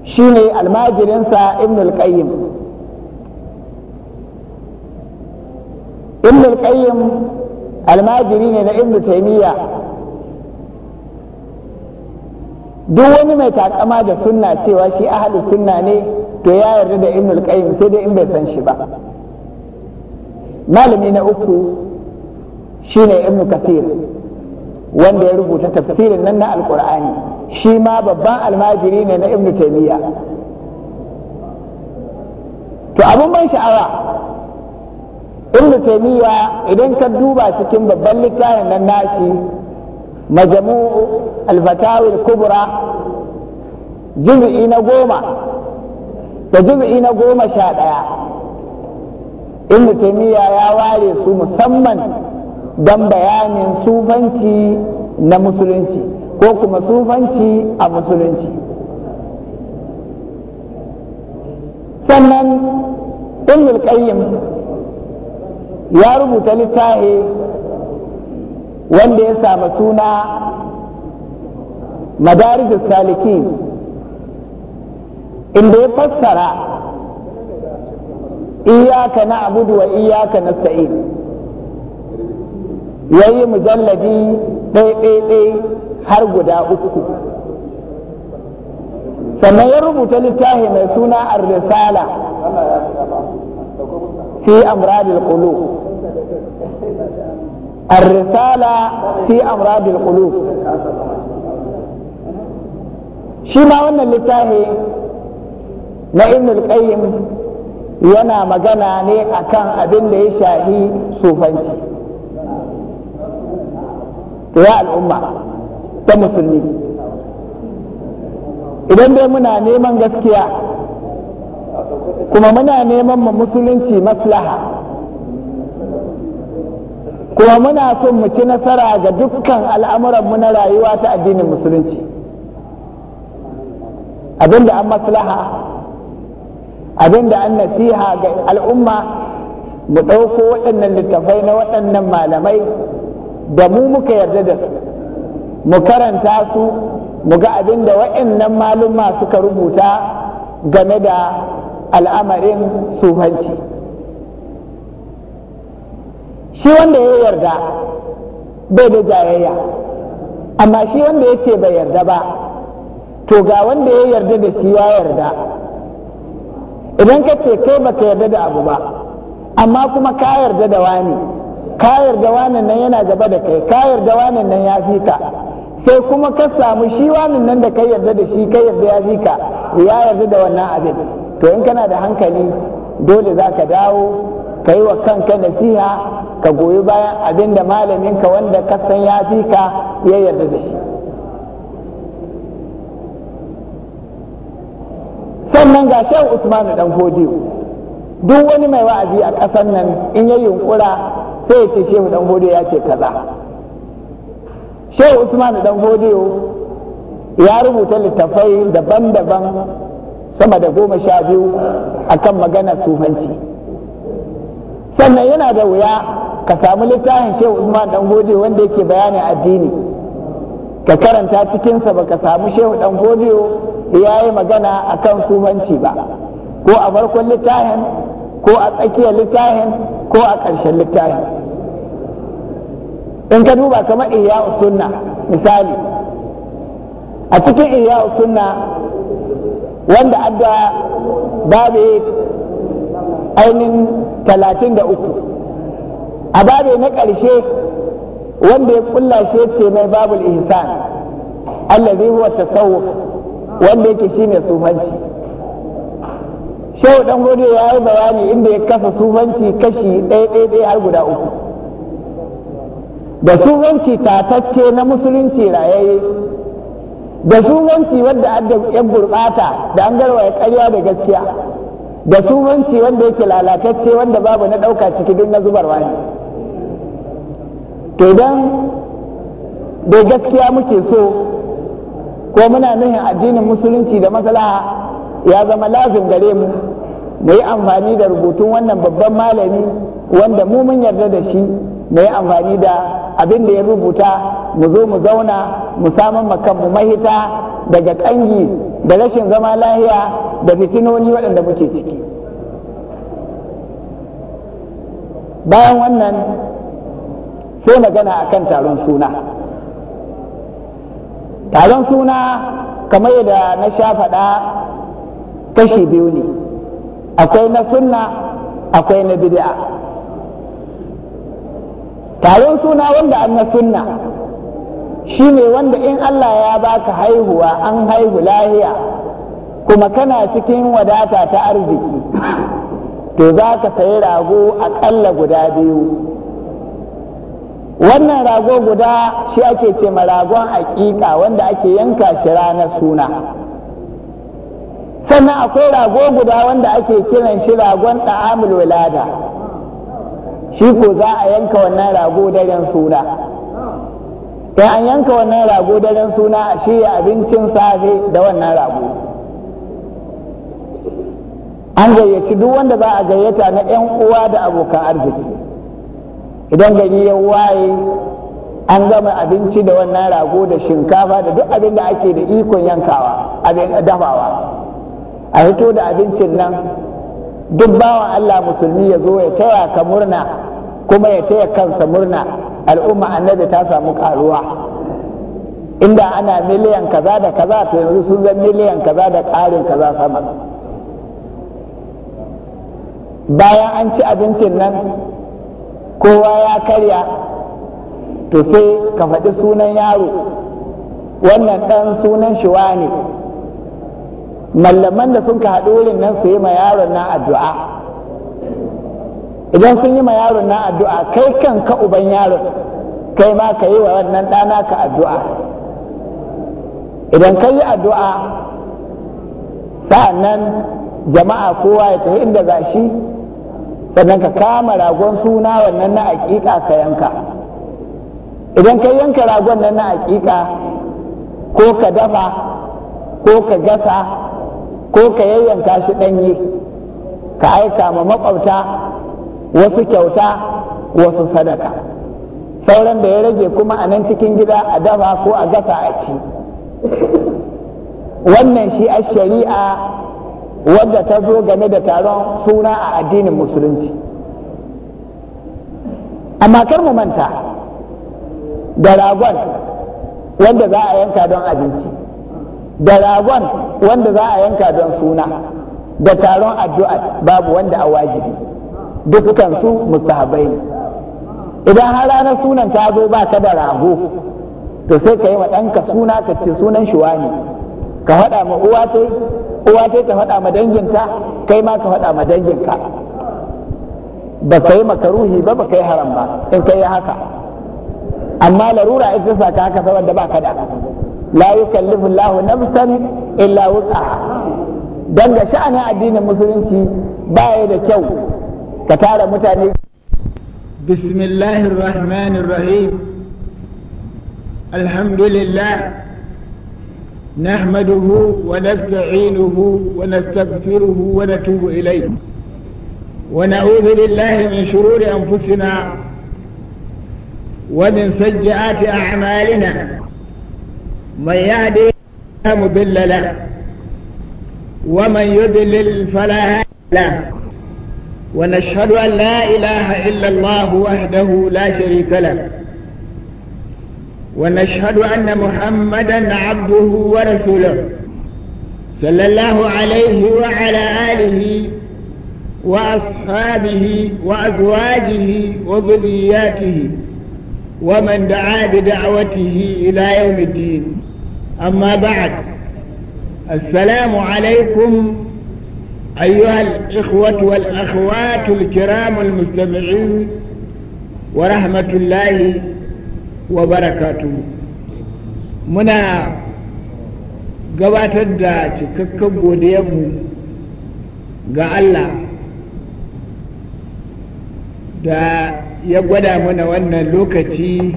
shine almajirinsa ibn al almajiri ne na ibn taymiya duk wani mai takama da sunna cewa shi ahlus sunna ne to ya yarda da ibn sai dai in bai san shi ba malami na uku shine ibnu kasir wanda ya rubuta tafsirin nan na alqur'ani shi ma babban almajiri ne na Ibn taymiya to abun ban sha'awa Ibn taymiya idan ka duba cikin babban littafin nan nashi majmu'u al-fatawi al-kubra juz'i na goma da juz'i na goma sha ɗaya Ibn taymiya ya ware su musamman don bayanin sufanci na musulunci ko kuma sufanci a musulunci sannan ibnul qayyim ya rubuta littafi wanda ya samu suna madarijar saliki inda ya fassara iyaka na abudu wa iyaka na sa'id ya yi mujalladi ɗaiɗaiɗai har guda uku sannan ya rubuta littafi mai suna ar-risala fi amradil qulub ar-risala fi amradil qulub shi ma wannan littafi na ibn al-qayyim yana magana ne akan abin da ya shahi sufanci ya al'umma ta musulmi idan dai muna neman gaskiya kuma muna neman mu musulunci maslaha kuma muna son mu ci nasara ga dukkan al'amuranmu na rayuwa ta addinin musulunci abinda an maslaha abinda an nasiha ga al'umma mu ɗauko waɗannan littafai na waɗannan malamai da mu muka yarda da su mu karanta su mu ga abin da waɗannan malumma suka rubuta game da al'amarin sufanci shi wanda ya yarda bai da jayayya amma shi wanda ya ce bai yarda ba to ga wanda ya yarda da shi ya yarda idan ka ce kai baka yarda da abu ba amma kuma ka yarda da wani ka yarda wani nan yana gaba da kai ka yarda wani nan ya fi ka sai kuma ka samu shi wani nan da kai yarda da shi kai yarda ya zika ya yarda da wannan abin to in kana da hankali dole za ka dawo ka yi wa kanka nasiha ka goyi bayan abin da malaminka wanda ka san ya fi ka ya yarda da shi sannan ga shan usmanu dan hodiyo duk wani mai wa'azi a ƙasar nan in ya yunkura sai ya ce shehu dan hodiyo ya ce kaza shehu usman dan ya rubuta littafai daban-daban sama da goma sha biyu a kan magana sufanci sannan yana da wuya ka samu littafin shehu usman dan hodiyo wanda yake bayani addini ka karanta cikinsa ba ka samu shehu dan hodiyo ya yi magana akan sufanci ba ko a farkon littafin ko a tsakiyar littafin ko a ƙarshen littafin in ka duba kamar iya sunna misali a cikin iya sunna wanda adda babu ainin talatin da uku a babu na ƙarshe wanda ya kulla shi ce mai babul ihsan allazi huwa tasawuf wanda yake shine sufanci shehu dan gode ya yi bayani inda ya kasa sufanci kashi ɗaya ɗaya har guda uku da sufanci tatacce na musulunci rayayye da sufanci wanda ya gurbata da an garwa ya karya da gaskiya da sufanci wanda yake lalatacce wanda babu na ɗauka ciki duk na zubarwa ne to idan da gaskiya muke so ko muna nuhin addinin musulunci da maslaha ya zama lazim gare mu Na yi amfani da rubutun wannan babban malami wanda mu mun yarda da shi na yi amfani da abin da ya rubuta mu zo mu zauna mu samun mu mahita daga ƙangi, da rashin zama lahiya da fitinoni waɗanda muke ciki bayan wannan sai magana a kan taron suna taron suna kamar yadda na sha faɗa kashi biyu ne akwai na sunna akwai na bid'a taron suna wanda an na sunna shine wanda in Allah ya baka haihuwa an haihu lahiya kuma kana cikin wadata ta arziki to za ka sayi rago aƙalla guda biyu wannan rago guda shi ake ce ma ragon aƙiƙa wanda ake yanka shi ranar suna sannan akwai rago guda wanda ake kiran shi ragon ɗa'amul wulada shi ko za a yanka wannan rago daren suna in an yanka wannan rago daren suna a shirya abincin safe da wannan rago an gayyaci duk wanda za a gayyata na 'yan uwa da abokan arziki idan gari ya waye an gama abinci da wannan rago da shinkafa da duk abin da ake da ikon yankawa abin dafawa a hito da abincin nan duk bawan Allah musulmi ya zo ya taya ka murna kuma ya taya kansa murna al'umma annabi ta samu karuwa inda ana miliyan kaza da kaza to yanzu sun zan miliyan kaza da ƙarin kaza sama bayan an ci abincin nan kowa ya karya to sai ka faɗi sunan yaro wannan ɗan sunan shi ne mallaman da sun ka haɗu wurin nan su yi ma yaron na addu'a idan sun yi ma yaron na addu'a kai kan ka uban yaron kai ma ka yi wa wannan ɗana ka addu'a idan ka yi addu'a sa'annan jama'a kowa ya tafi inda za shi sannan ka kama ragon suna wannan na aƙiƙa ka yanka idan ka yanka ragon nan na aƙiƙa ko ka dafa ko ka gasa ko ka yayyanka shi ɗanye ka aika ma makwabta wasu kyauta wasu sadaka sauran da ya rage kuma a nan cikin gida a dafa ko a gasa a ci wannan shi a shari'a wadda ta zo game da taron suna a addinin musulunci amma kar mu manta da ragon wanda za a yanka don abinci da ragon wanda za a yanka don suna da taron addu'a babu wanda a wajibi dukkan su mustahabai ne idan har ranar sunan ta zo ba ka da rago to sai ka yi wa ɗanka suna ka ce sunan shi wani ka faɗa ma uwa ta uwa ta ta faɗa ma danginta kai ma ka faɗa ma danginka ba ka yi makaruhi ba ba ka yi haram ba in ka yi haka amma larura ita sa ka haka saboda ba ka da لا يكلف الله نفسا الا وسعها دنجا شأن الدين المسلمتي بايد كو كتارة متاني بسم الله الرحمن الرحيم الحمد لله نحمده ونستعينه ونستغفره ونتوب اليه ونعوذ بالله من شرور انفسنا ومن سيئات اعمالنا من يهدي فلا مضل له ومن يضلل فلا هادي له ونشهد أن لا إله إلا الله وحده لا شريك له ونشهد أن محمدا عبده ورسوله صلى الله عليه وعلى آله وأصحابه وأزواجه وذرياته ومن دعا بدعوته إلى يوم الدين أما بعد السلام عليكم أيها الإخوة والأخوات الكرام المستمعين ورحمة الله وبركاته منا gabatar da cikakken godiyarmu ga Allah da ya gwada mana wannan lokaci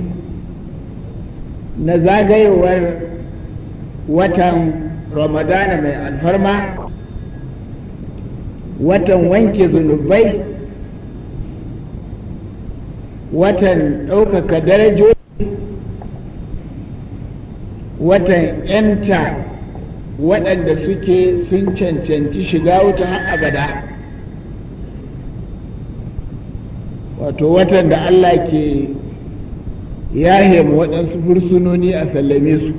na zagayowar watan ramadana mai alfarma watan wanke zunubai watan ɗaukaka darajoji watan ‘yanta waɗanda suke sun cancanci shiga wuta har abada wato watan da Allah ke yahe waɗansu fursunoni a sallame su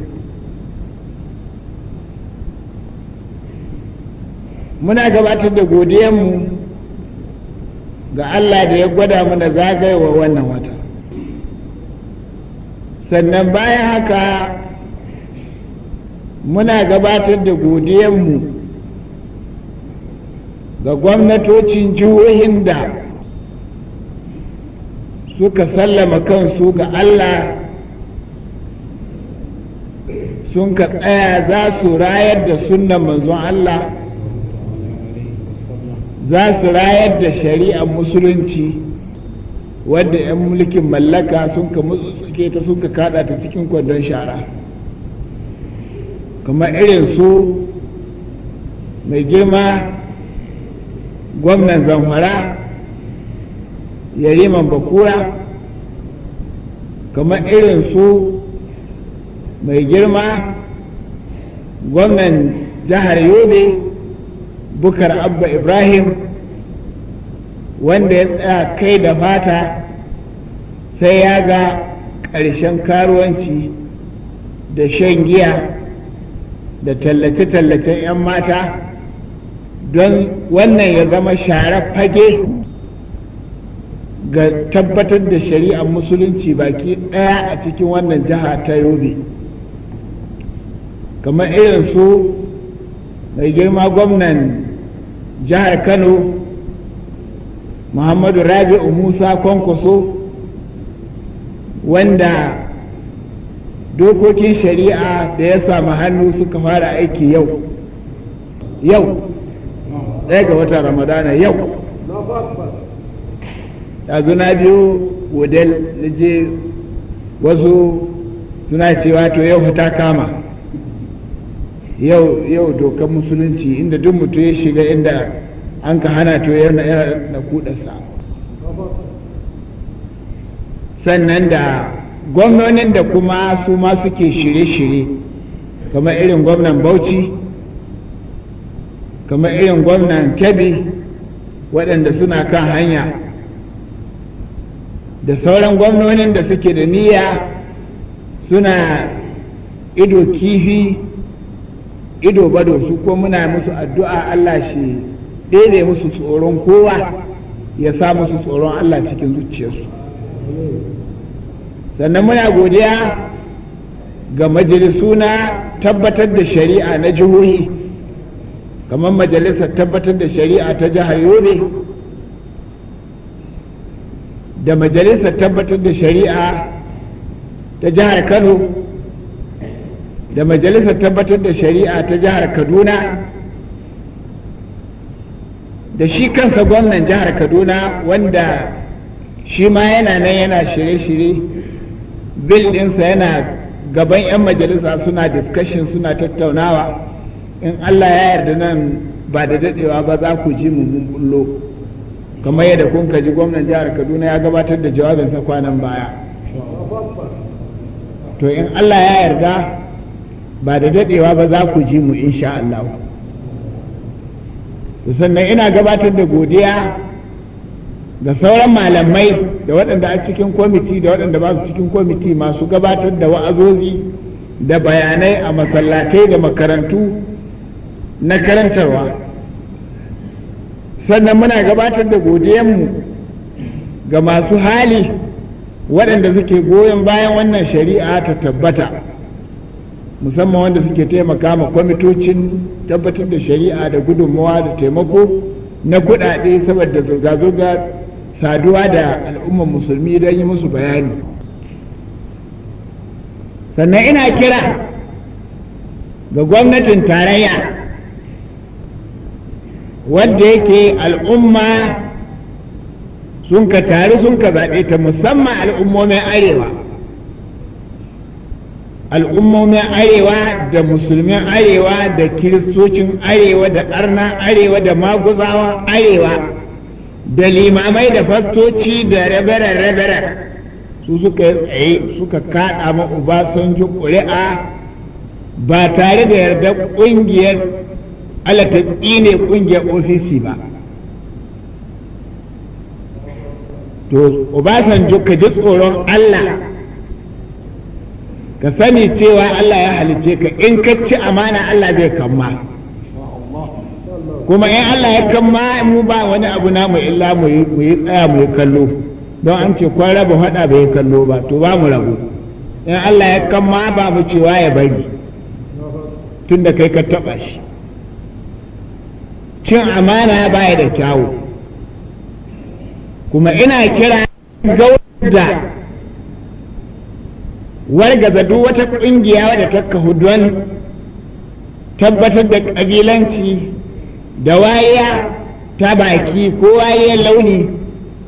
muna gabatar da godiyanmu ga Allah da ya gwada mana zagayewa wannan wata sannan bayan haka muna gabatar da godiyanmu ga gwamnatocin jihohin da suka sallama kansu ga Allah sun ka tsaya za su rayar da sunan manzon Allah za su rayar da shari'ar musulunci wadda 'yan mulkin mallaka sun ka mutsuke ta sun ka kada ta cikin kwandon shara kamar irin su mai girma gwamnan zamfara yariman bakura kamar irin su mai girma gwamnan jihar yobe bukar abba ibrahim wanda ya tsaya kai da fata sai ya ga ƙarshen karuwanci da shan giya da tallace-tallacen 'yan mata don wannan ya zama share fage ga tabbatar da shari'ar musulunci baki ɗaya a cikin wannan jiha ta yobe kamar irin su mai girma gwamnan jihar kano muhammadu rabi'u musa kwankwaso wanda dokokin shari'a da ya samu hannu suka fara aiki yau yau ɗaya ga wata ramadana yau yanzu na biyu wadal na je wasu suna cewa to yau ta kama yau yau dokar musulunci inda duk mutum ya shiga inda an ka hana to yana na kudasa. sannan da gwamnonin da kuma su ma suke shirye-shirye kamar irin gwamnan bauchi kamar irin gwamnan kebbi waɗanda suna kan hanya da sauran gwamnonin da suke da niyya suna ido kifi ido bado su ko muna musu addu'a Allah shi daidai musu tsoron kowa ya sa musu tsoron Allah cikin zuciyarsu sannan muna godiya ga majalisuna tabbatar da shari'a na jihohi kamar majalisar tabbatar da shari'a ta jihar yobe da majalisar tabbatar da shari'a ta jihar kano da majalisar tabbatar da shari'a ta jihar kaduna da shi kansa gwamnan jihar kaduna wanda shi ma yana nan yana shirye-shirye bil ɗinsa yana gaban 'yan majalisa suna discussion suna tattaunawa in allah ya yarda nan ba da dadewa ba za ku ji mun bullo kamar yadda kun ka ji gwamnan jihar kaduna ya gabatar da jawabinsa kwanan baya to in allah ya yarda ba da dadewa ba za ku ji mu insha Allah sannan ina gabatar da godiya ga sauran malamai da waɗanda a cikin kwamiti da waɗanda ba su cikin kwamiti masu gabatar da wa'azozi da bayanai a masallatai da makarantu na karantarwa sannan muna gabatar da godiyanmu ga masu hali waɗanda suke goyon bayan wannan shari'a ta tabbata musamman wanda suke taimaka ma kwamitocin tabbatar da shari'a da gudunmawa da taimako na kuɗaɗe saboda zurga-zurga saduwa da al'ummar musulmi don yi musu bayani sannan ina kira ga gwamnatin tarayya wadda yake al'umma sun ka taru sun ka zaɓe ta musamman al'ummomin arewa al'ummomin arewa da musulmin arewa da kiristocin arewa da arna arewa da maguzawa arewa da limamai da fastoci da rabarar-rabarar su suka yi tsaye suka kaɗa ma ubasanji ƙuri'a ba tare da yarda ƙungiyar alata tsine ƙungiyar ofisi ba to ubasanji ka ji tsoron allah ka sani cewa Allah ya halice ka in ka ci amana Allah zai kamma kuma in Allah ya kamma mu ba wani abu na mu illa mu yi tsaya mu yi kallo don an ce kwan raba hada bai kallo ba to ba mu rabu in Allah ya kamma ba mu cewa ya bari tun da kai ka taba shi cin amana baya da kyawu kuma ina kira gauda wargaza duk wata ƙungiya wadda ta kahu don tabbatar da kabilanci da waya ta baki ko waya launi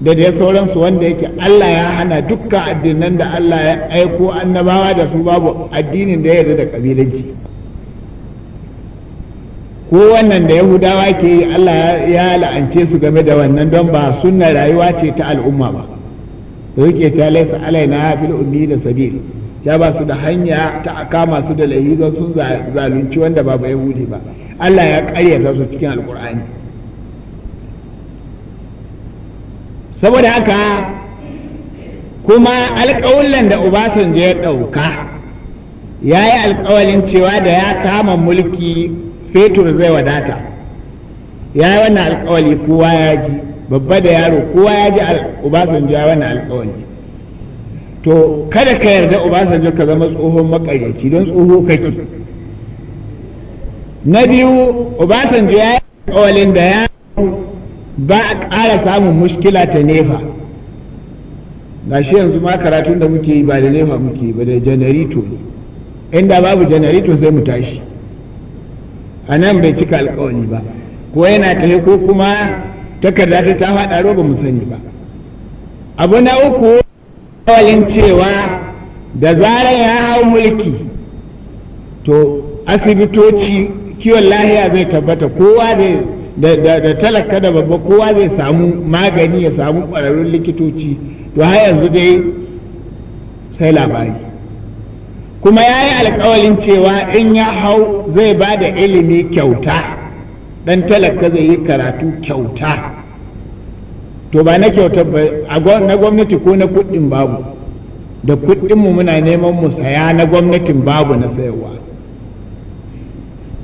da dai sauransu wanda yake Allah ya hana dukkan addinan da Allah ya aiko annabawa da su babu addinin da ya yarda da kabilanci ko wannan da yahudawa ke yi Allah ya la'ance su game da wannan don ba sunna rayuwa ce ta al'umma ba da yake ta laisa alaina bil ummi da sabil ya ba su da hanya ta kama su da laifi don sun zalunci wanda ba yahudi ba Allah ya karyata su cikin alkur'ani saboda haka kuma alƙawullan da Obasanjo ya ɗauka ya yi alƙawalin cewa da ya kama mulki fetur zai wadata ya yi wannan alƙawali kowa ya ji babba da yaro kowa ya ji Obasanjo ya wannan alƙawali to kada ka yarda obasanjo ka zama tsohon makaryaci don tsoho kake na biyu obasanjo ya yi kawalin da ya ba a ƙara samun mushkila ta nefa ga shi yanzu ma karatun da muke yi ba da nefa muke ba da janarito inda babu janarito sai mu tashi a nan bai cika alkawali ba ko yana tafi ko kuma takarda ta ta faɗa roba mu sani ba abu na uku alƙawalin cewa da zarar ya hau mulki to asibitoci kiwon lahiya zai tabbata kowa zai da talaka da babba kowa zai samu magani ya samu ƙwararrun likitoci to har yanzu dai sai labari kuma ya yi alƙawalin cewa in ya hau zai ba da ilimi kyauta ɗan talaka zai yi karatu kyauta to ba na kyauta ba na gwamnati ko na kuɗin babu da kuɗinmu muna neman mu saya na gwamnatin babu na sayarwa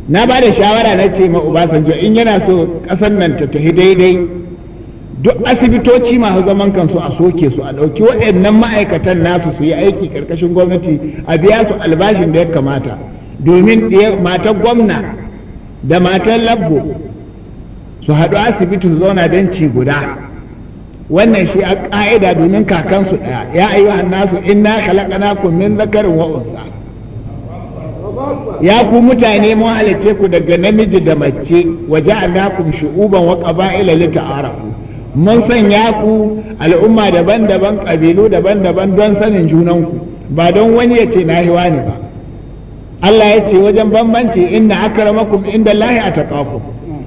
na ba da shawara na ce ma Obasanjo in yana so ƙasar nan ta tafi daidai duk asibitoci masu zaman kansu a soke su a ɗauki waɗannan ma'aikatan nasu su yi aiki ƙarƙashin gwamnati a biya su albashin da ya kamata domin matan gwamna da matan labbo su haɗu asibiti su zauna don ci guda wannan shi a ƙa'ida domin kakansu ɗaya ya ayyuhan nasu inna khalaqnakum min zakarin wa ya ku mutane mun halice ku daga namiji da mace wa waƙa shu'uban wa qaba'ila lita'arafu mun sanya ku al'umma daban-daban ƙabilu daban-daban don sanin junanku ba don wani ya ce nahiwa ne ba Allah ya ce wajen bambanci inna akramakum inda lahi a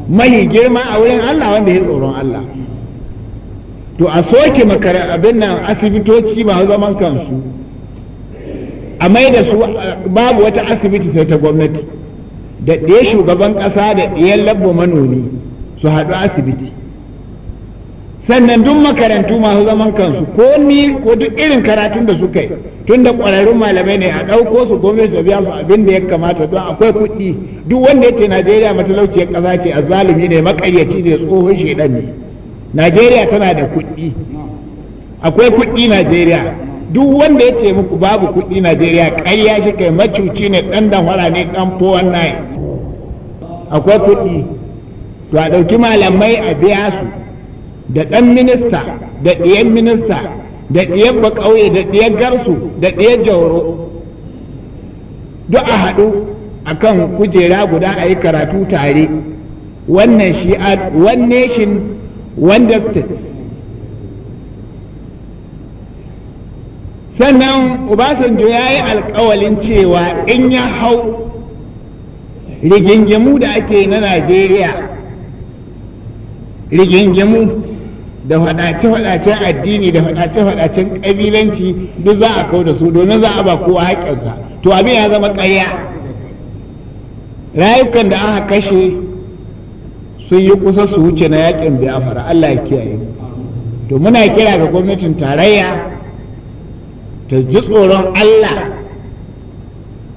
mahi girma a wurin Allah wanda ya tsoron Allah to a soke makara abin nan asibitoci masu zaman kansu a mai da su babu wata asibiti sai ta gwamnati da ɗaya shugaban ƙasa da ɗayan labbo manomi su haɗu asibiti sannan duk makarantu masu zaman kansu ko ni ko duk irin karatun da suka yi tun da ƙwararrun malamai ne a ɗauko su gwamnati ta biya su abin da ya kamata don akwai kuɗi duk wanda ya ce najeriya matalauciyar ƙasa ce a zalumi ne maƙaryaci ne tsohon shaidan ne Najeriya tana da kuɗi akwai kuɗi Najeriya duk wanda ya ce muku babu kuɗi Najeriya ƙarya shi kai macuci ne ɗan damfara ne ɗan fowan nai akwai kuɗi to a ɗauki malamai a biya su da ɗan minista da ɗiyan minista da ɗiyan baƙauye da ɗiyan garsu da ɗiyan jauro duk a haɗu a kan kujera guda a yi karatu tare wannan shi one nation wanda sannan obasanjo ya yi alkawalin cewa in ya hau rigingimu da ake na najeriya rigingimu da faɗace-faɗacen addini da faɗace-faɗacen ƙabilanci duk za a kau da su domin za a ba kowa haƙƙinsa to abin ya zama ƙarya rayukan da aka kashe sun yi kusa su wuce na yakin biafra Allah ya kiyaye to muna kira ga gwamnatin tarayya ta ji tsoron Allah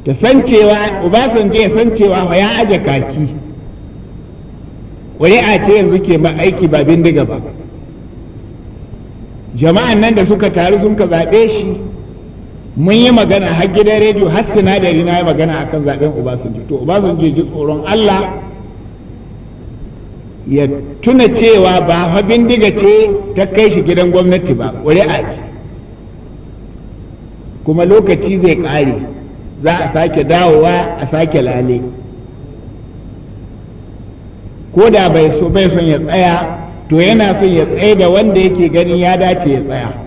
ta san cewa Obasanjo ya san cewa wa ya aje kaki ƙuri'a ce yanzu ke ma aiki ba bindiga ba jama'an nan da suka taru sun ka zaɓe shi mun yi magana har gidan rediyo har sinadari na yi magana akan zaɓen Obasanjo to Obasanjo ji tsoron Allah ya tuna cewa ba fa bindiga ce ta kai shi gidan gwamnati ba ƙuri'a ce kuma lokaci zai ƙare za a sake dawowa a sake lale ko da bai bai son ya tsaya to yana son ya tsaye da wanda yake ganin ya dace ya tsaya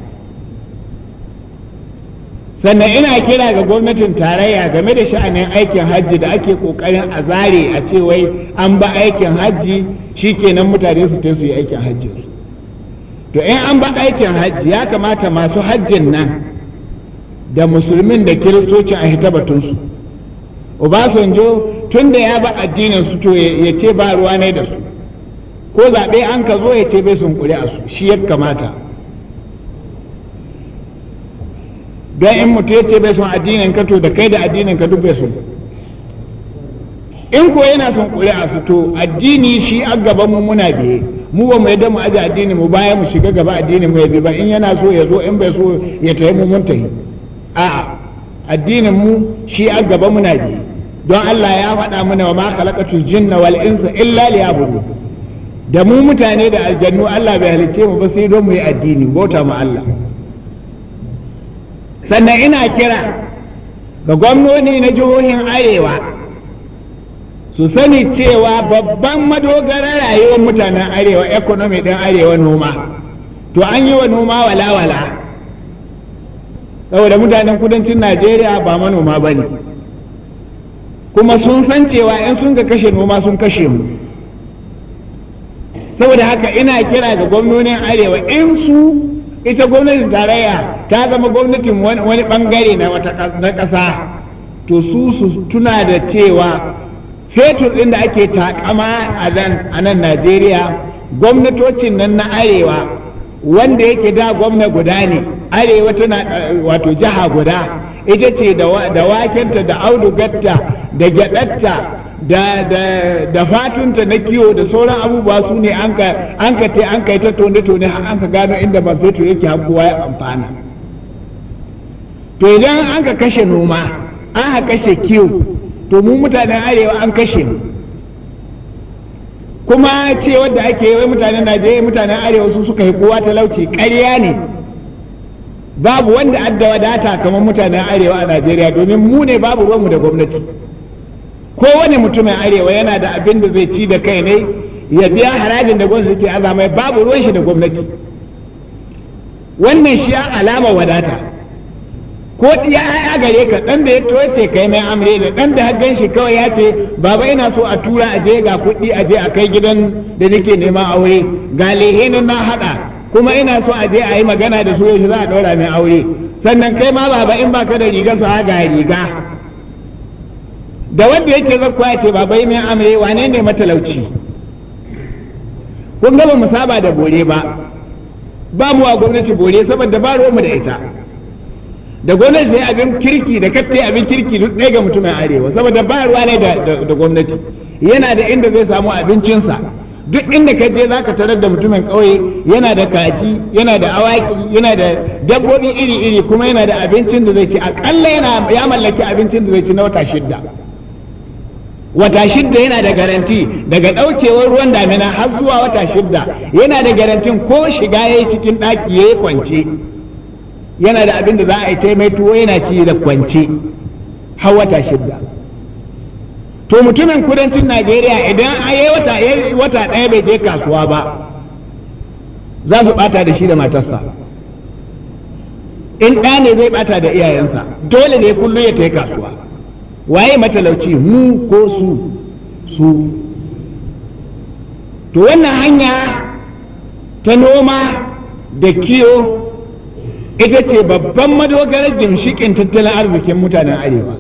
sannan ina kira ga gwamnatin tarayya game da sha'anin aikin hajji da ake kokarin a zare a ce wai an ba aikin hajji shikenan mutane su ta su yi aikin hajji to in an ba aikin hajji ya kamata masu hajjin nan da musulmin da kiristoci a hita batunsu obasanjo tun da ya ba addinin su to ya ce ba ruwa ne da su ko zaɓe an ka zo ya ce bai sun a su shi ya kamata don in mutu ya ce bai son addinin ka to da kai da addinin ka duk bai son in ko yana son ƙuri'a su to addini shi a gaban mu muna biye mu ba mu yadda mu aje addini mu baya mu shiga gaba addini mu bi ba in yana so ya zo in bai so ya tafi mu mun tafi a'a addinin mu shi a gaban muna biye don Allah ya faɗa mana wa ma khalaqatul jinna wal insa illa liya'budun da mu mutane da aljannu Allah bai halicce mu ba sai don mu yi addini bauta mu Allah sannan ina kira ga gwamnoni na jihohin arewa su sani cewa babban madogarar rayuwar mutanen arewa economy ɗin arewa noma to an yi wa noma wala-wala saboda mutanen kudancin najeriya ba manoma ba ne kuma sun san cewa in sun ga kashe noma sun kashe mu saboda haka ina kira ga gwamnonin arewa in su ita gwamnatin tarayya ta zama gwamnatin wani bangare na wata na ƙasa to su su tuna da cewa fetur ɗin da ake takama a nan najeriya gwamnatocin nan na arewa wanda yake da gwamna guda ne arewa tana wato jiha guda ita ce da wakenta da audugatta da gyaɗarta da da da fatunta na kiwo da sauran abubuwa su ne an ka an ka te an kai ta tone tone an ka gano inda man fetur yake hakuwa ya amfana to idan an ka kashe noma an ka kashe kiwo to mu mutanen arewa an kashe mu kuma ce wadda ake wai mutanen Najeriya mutanen arewa su suka yi kowa talauci ƙarya ne babu wanda adda wadata kamar mutanen arewa a Najeriya domin mu ne babu ruwanmu da gwamnati kowane mutumin arewa yana da abin da zai ci da kai ne ya biya harajin da gwamnati ke azamai babu ruwan shi da gwamnati wannan shi ya alama wadata ko ya ya gare ka dan da ya toce kai mai amre da dan da haggan shi kawai ya ce baba ina so a tura a je ga kuɗi je a kai gidan da nake neman aure ga lehenin na hada kuma ina so a je a yi magana da su yaushe za a daura mai aure sannan kai ma baba in baka da rigar su ga riga da wanda yake zakkuwa ya ce babai mai amre wane ne matalauci kun gaba musaba da bore ba ba mu wa gwamnati bore saboda ba ruwanmu da ita da gwamnati ne abin kirki da kattai abin kirki duk ɗaya ga mutumin arewa saboda ba ruwa ne da gwamnati yana da inda zai samu abincinsa duk inda ka je za ka tarar da mutumin ƙauye yana da kaji yana da awaki yana da dabbobi iri-iri kuma yana da abincin da zai ci aƙalla ya mallaki abincin da zai ci na wata shidda wata shidda yana da garanti daga ɗaukewar ruwan damina har zuwa wata shidda yana da garantin ko shiga ya yi cikin ɗaki ya yi kwance yana da abin da za a yi taimaituwa yana ci da kwance har wata shidda to mutumin kudancin najeriya idan a yi wata ɗaya bai je kasuwa ba za su ɓata da shi da matarsa in ɗa ne zai bata da iyayensa dole ne kullum ya ta kasuwa waye matalauci mu ko su su to wannan hanya ta noma da kiyo ita ce babban madogarar ginshikin tattalin arzikin mutanen arewa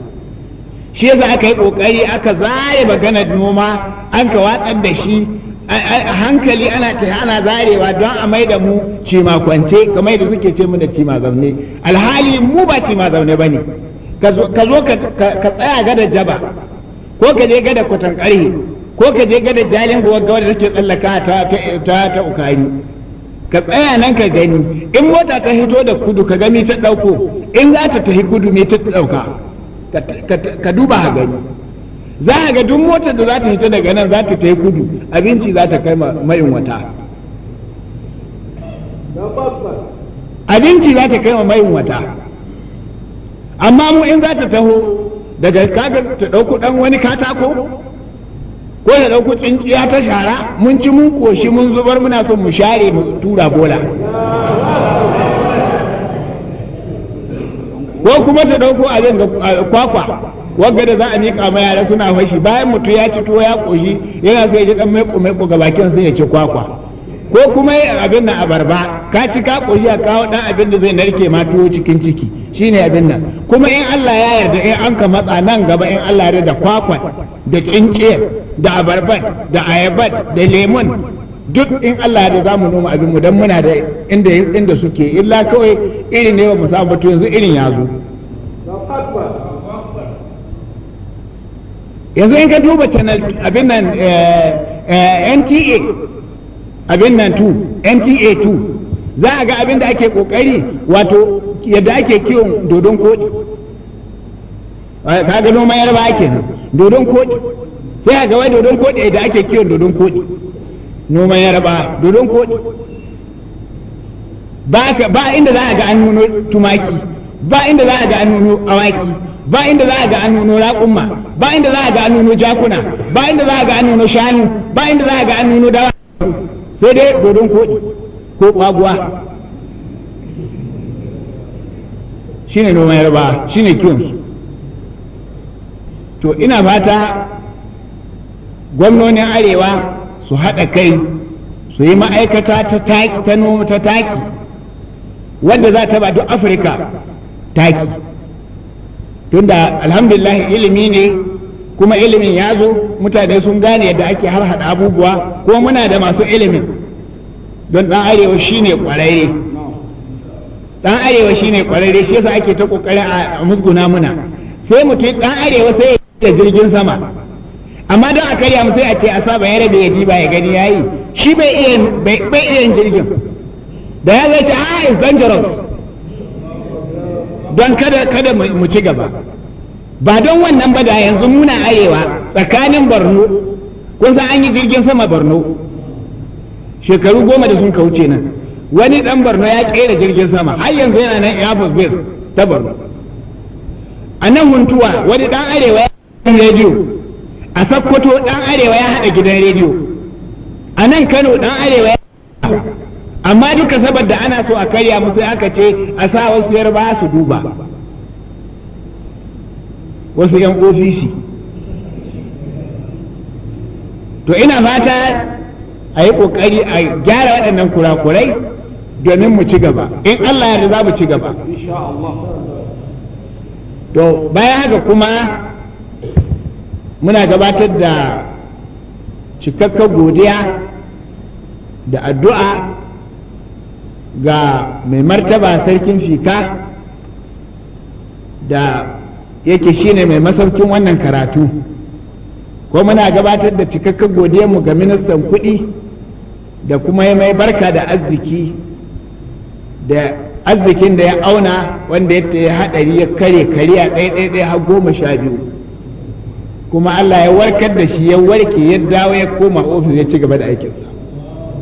shi yasa aka yi kokari aka zaye maganar noma an ka watsar da shi hankali ana ta ana zarewa don a mai da mu cima kwance kamar da suke ce mu da cima alhali mu ba cima zaune ba ne ka zo ka tsaya gada jaba ko ka je gada kwatan ƙarhe ko ka je gada jalin buwar gawa da take tsallaka ta ta ukari ka tsaya nan ka gani in mota ta hito da kudu ka gami ta ɗauko in za ta tafi kudu me ta ɗauka ka duba a gani za a ga duk motar da za ta hito daga nan za ta tafi kudu abinci za ta kai mayin wata abinci za ta kai mayin wata amma mu in za ta taho daga kaga ta ɗauko ɗan wani katako ko ta ɗauko tsinkiya ta shara mun ci mun ƙoshi mun zubar muna son mu share mu tura bola ko kuma ta ɗauko a zanga kwakwa wagga da za a miƙa ma yara suna fashi bayan mutum ya ci tuwo ya ƙoshi yana so ya ji ɗan maiko maiko ga bakin sai ya ci kwakwa ko kuma abin nan abarba ka ci ka koyi a kawo dan abin da zai narke ma tuwo cikin ciki shine abin nan kuma in Allah ya yarda in an ka matsa nan gaba in Allah ya da kwakwan da kinciyar da abarban da ayabat da lemon duk in Allah ya za mu noma abin mu muna da inda suke illa kawai irin ne mu samu to yanzu irin ya zo yanzu in ka duba channel abin nan eh, eh, NTA abin nan tu NTA 2 za a ga abin da ake kokari wato yadda ake kiwon dodon koɗi kaga noman yarba ake nan dodon koɗi sai a ga wai dodon koɗi yadda ake kiwon dodon koɗi noman yarba dodon koɗi ba inda za a ga an nuno tumaki ba inda za a ga an nuno awaki ba inda za a ga an nuno raƙumma ba inda za a ga an nuno jakuna ba inda za a ga an nuno shanu ba inda za a ga an nuno dawa sai dai dodon koɗi ko kwaguwa shi ne noman yarba shi ne to ina fata gwamnonin arewa su haɗa kai su yi ma'aikata ta taki ta noma ta taki wadda za ta ba duk afirka taki tunda alhamdulillah ilimi ne kuma ilimin ya zo mutane sun gane yadda ake har hada abubuwa ko muna da masu ilimin don dan arewa shine kwararre dan arewa shine kwararre shi yasa ake ta kokarin a musguna muna sai mutum dan arewa sai ya jirgin sama amma don a karya mu sai a ce a saba ya rabe ya diba ya gani yayi shi bai iya bai iya jirgin da ya zai ce a ah, is dangerous don kada kada mu ci gaba ba don wannan ba da yanzu muna arewa tsakanin borno kun san an yi jirgin sama borno shekaru goma da sun kauce nan wani dan borno ya kera jirgin sama har yanzu yana nan air force base ta borno a nan huntuwa wani dan arewa ya haɗa rediyo a sakkwato dan arewa ya haɗa gidan rediyo a nan kano dan arewa ya amma duka saboda ana so a karya musu aka ce a sa wasu yarba su duba wasu 'yan ofisi to ina fata a yi ƙoƙari a gyara waɗannan kurakurai domin mu ci gaba in Allah yarda za mu ci gaba to bayan haka kuma muna gabatar da cikakkar godiya da addu'a ga mai martaba sarkin fika da yake shine mai masaukin wannan karatu ko muna gabatar da cikakken godiyarmu ga ministan kuɗi da kuma ya mai barka da arziki da arzikin da ya auna wanda ya haɗari ya kare kariya ɗaiɗaiɗai har goma sha biyu kuma Allah ya warkar da shi ya warke ya dawo ya koma ofis ya ci gaba da aikinsa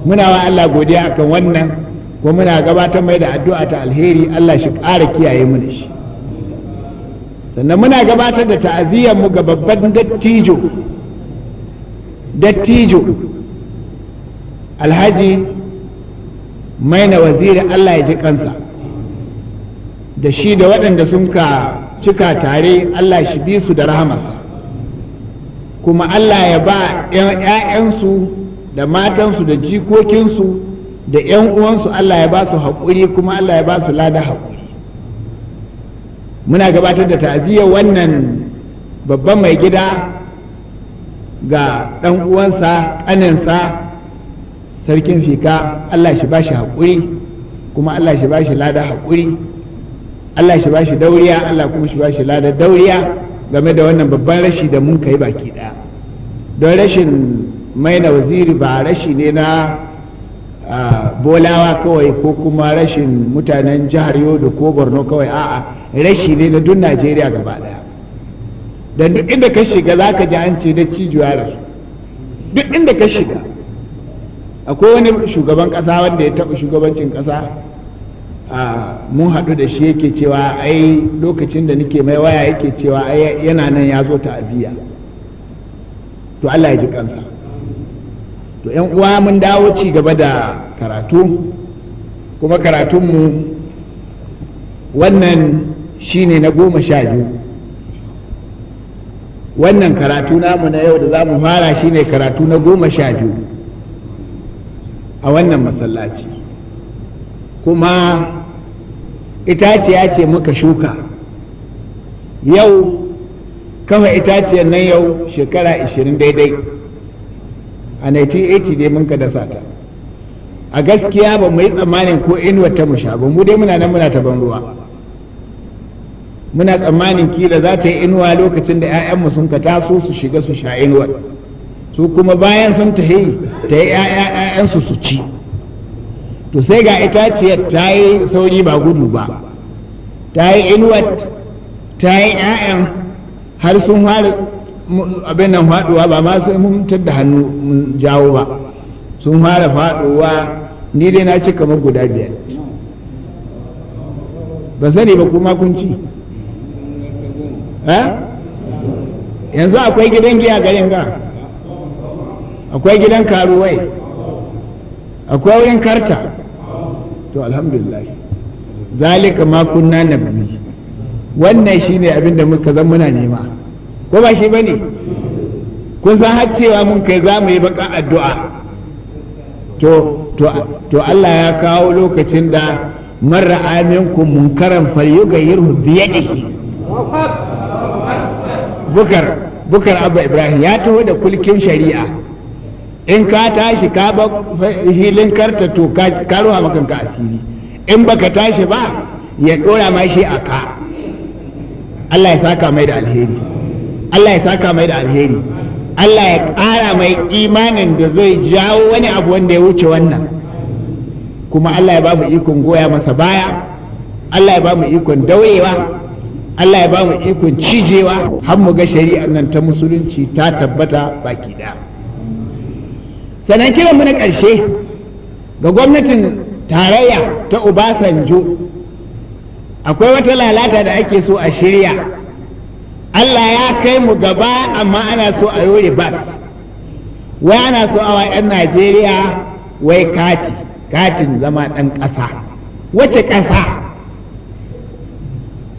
muna wa Allah godiya akan wannan ko muna gabatar mai da addu'a ta alheri Allah shi ƙara kiyaye mu da shi sannan muna gabatar da ta'aziyyar mu ga babban dattijo dattijo alhaji maina waziri Allah ya ji kansa da shi da waɗanda sun ka cika tare Allah shi bi su da rahamarsa kuma Allah ya ba ‘ya'yansu da matansu da jikokinsu da ‘yan uwansu Allah ya ba su haƙuri kuma Allah ya ba su lada haƙuri muna gabatar da ta'aziyya wannan babban mai gida ga ɗan uwansa ƙaninsa sarkin fika Allah shi ba shi haƙuri kuma Allah shi ba shi lada haƙuri Allah shi ba shi dauriya Allah kuma shi ba shi lada dauriya game da wannan babban rashi da mun kai baki ɗaya don rashin maina waziri ba rashi ne na ah, bolawa kawai ko kuma rashin mutanen jihar yodo ko borno kawai a'a rashi ne na duk najeriya gaba daya don duk inda ka shiga za ka ji an ce da cijiya rasu duk inda ka shiga akwai wani shugaban kasa wanda ya taba shugabancin kasa mun haɗu da shi yake cewa ai lokacin da nake mai waya yake cewa ai yana nan ya zo ta'aziyya to Allah ya ji kansa to yan uwa mun dawo ci gaba da karatu kuma karatunmu wannan shine na goma sha biyu wannan karatu namu na yau da zamu mu fara shine karatu na goma sha biyu a wannan masallaci kuma itaciya ce muka shuka yau kawai itaciyar nan yau shekara 20 daidai a 1980 dai mun ka dasa ta a gaskiya ba mu yi tsammanin ko inuwar ta mu sha ba mu dai muna nan muna ta ban ruwa muna tsammanin kila za ta yi inuwa lokacin da 'ya'yanmu sun ka taso su shiga su sha inuwar su kuma bayan sun ta yi ta yi 'ya'yansu su ci to sai ga itaciyar ta yi sauri ba gudu ba ta yi inuwar ta yi 'ya'yan har sun fara abin nan faduwa ba ma sai mun tadda hannu mun jawo ba sun fara faduwa ni dai na ci kamar guda biyar ba sani ba kuma kun ci eh? yanzu akwai gidan giya garin ga akwai gidan karuwai akwai wurin karta to alhamdulillah zalika ma kunna nabi wannan shine abin da muka zan muna nema ko ba shi bane kun san har cewa mun kai za mu yi baka addu'a to to to Allah ya kawo lokacin da marra aminku munkaran Yirhu bi yadihi bukar bukar abu ibrahim ya taho da kulkin shari'a in ka tashi ka ba hilin karta to ka ruwa makanka asiri in baka tashi ba ya dora ma shi a ka Allah ya saka mai da alheri Allah ya saka mai da alheri Allah ya ƙara mai imanin da zai jawo wani abu wanda ya wuce wannan kuma Allah ya ba mu ikon goya masa baya Allah ya ba mu ikon daurewa Allah ya ba mu ikon cijewa har mu ga shari'ar nan ta musulunci ta tabbata baki ɗaya sannan mu na ƙarshe ga gwamnatin tarayya ta Obasanjo akwai wata lalata da ake so a shirya Allah ya kai mu gaba amma ana so a yore bas wai ana so a 'yan Najeriya wai kati katin zama ɗan ƙasa wace ƙasa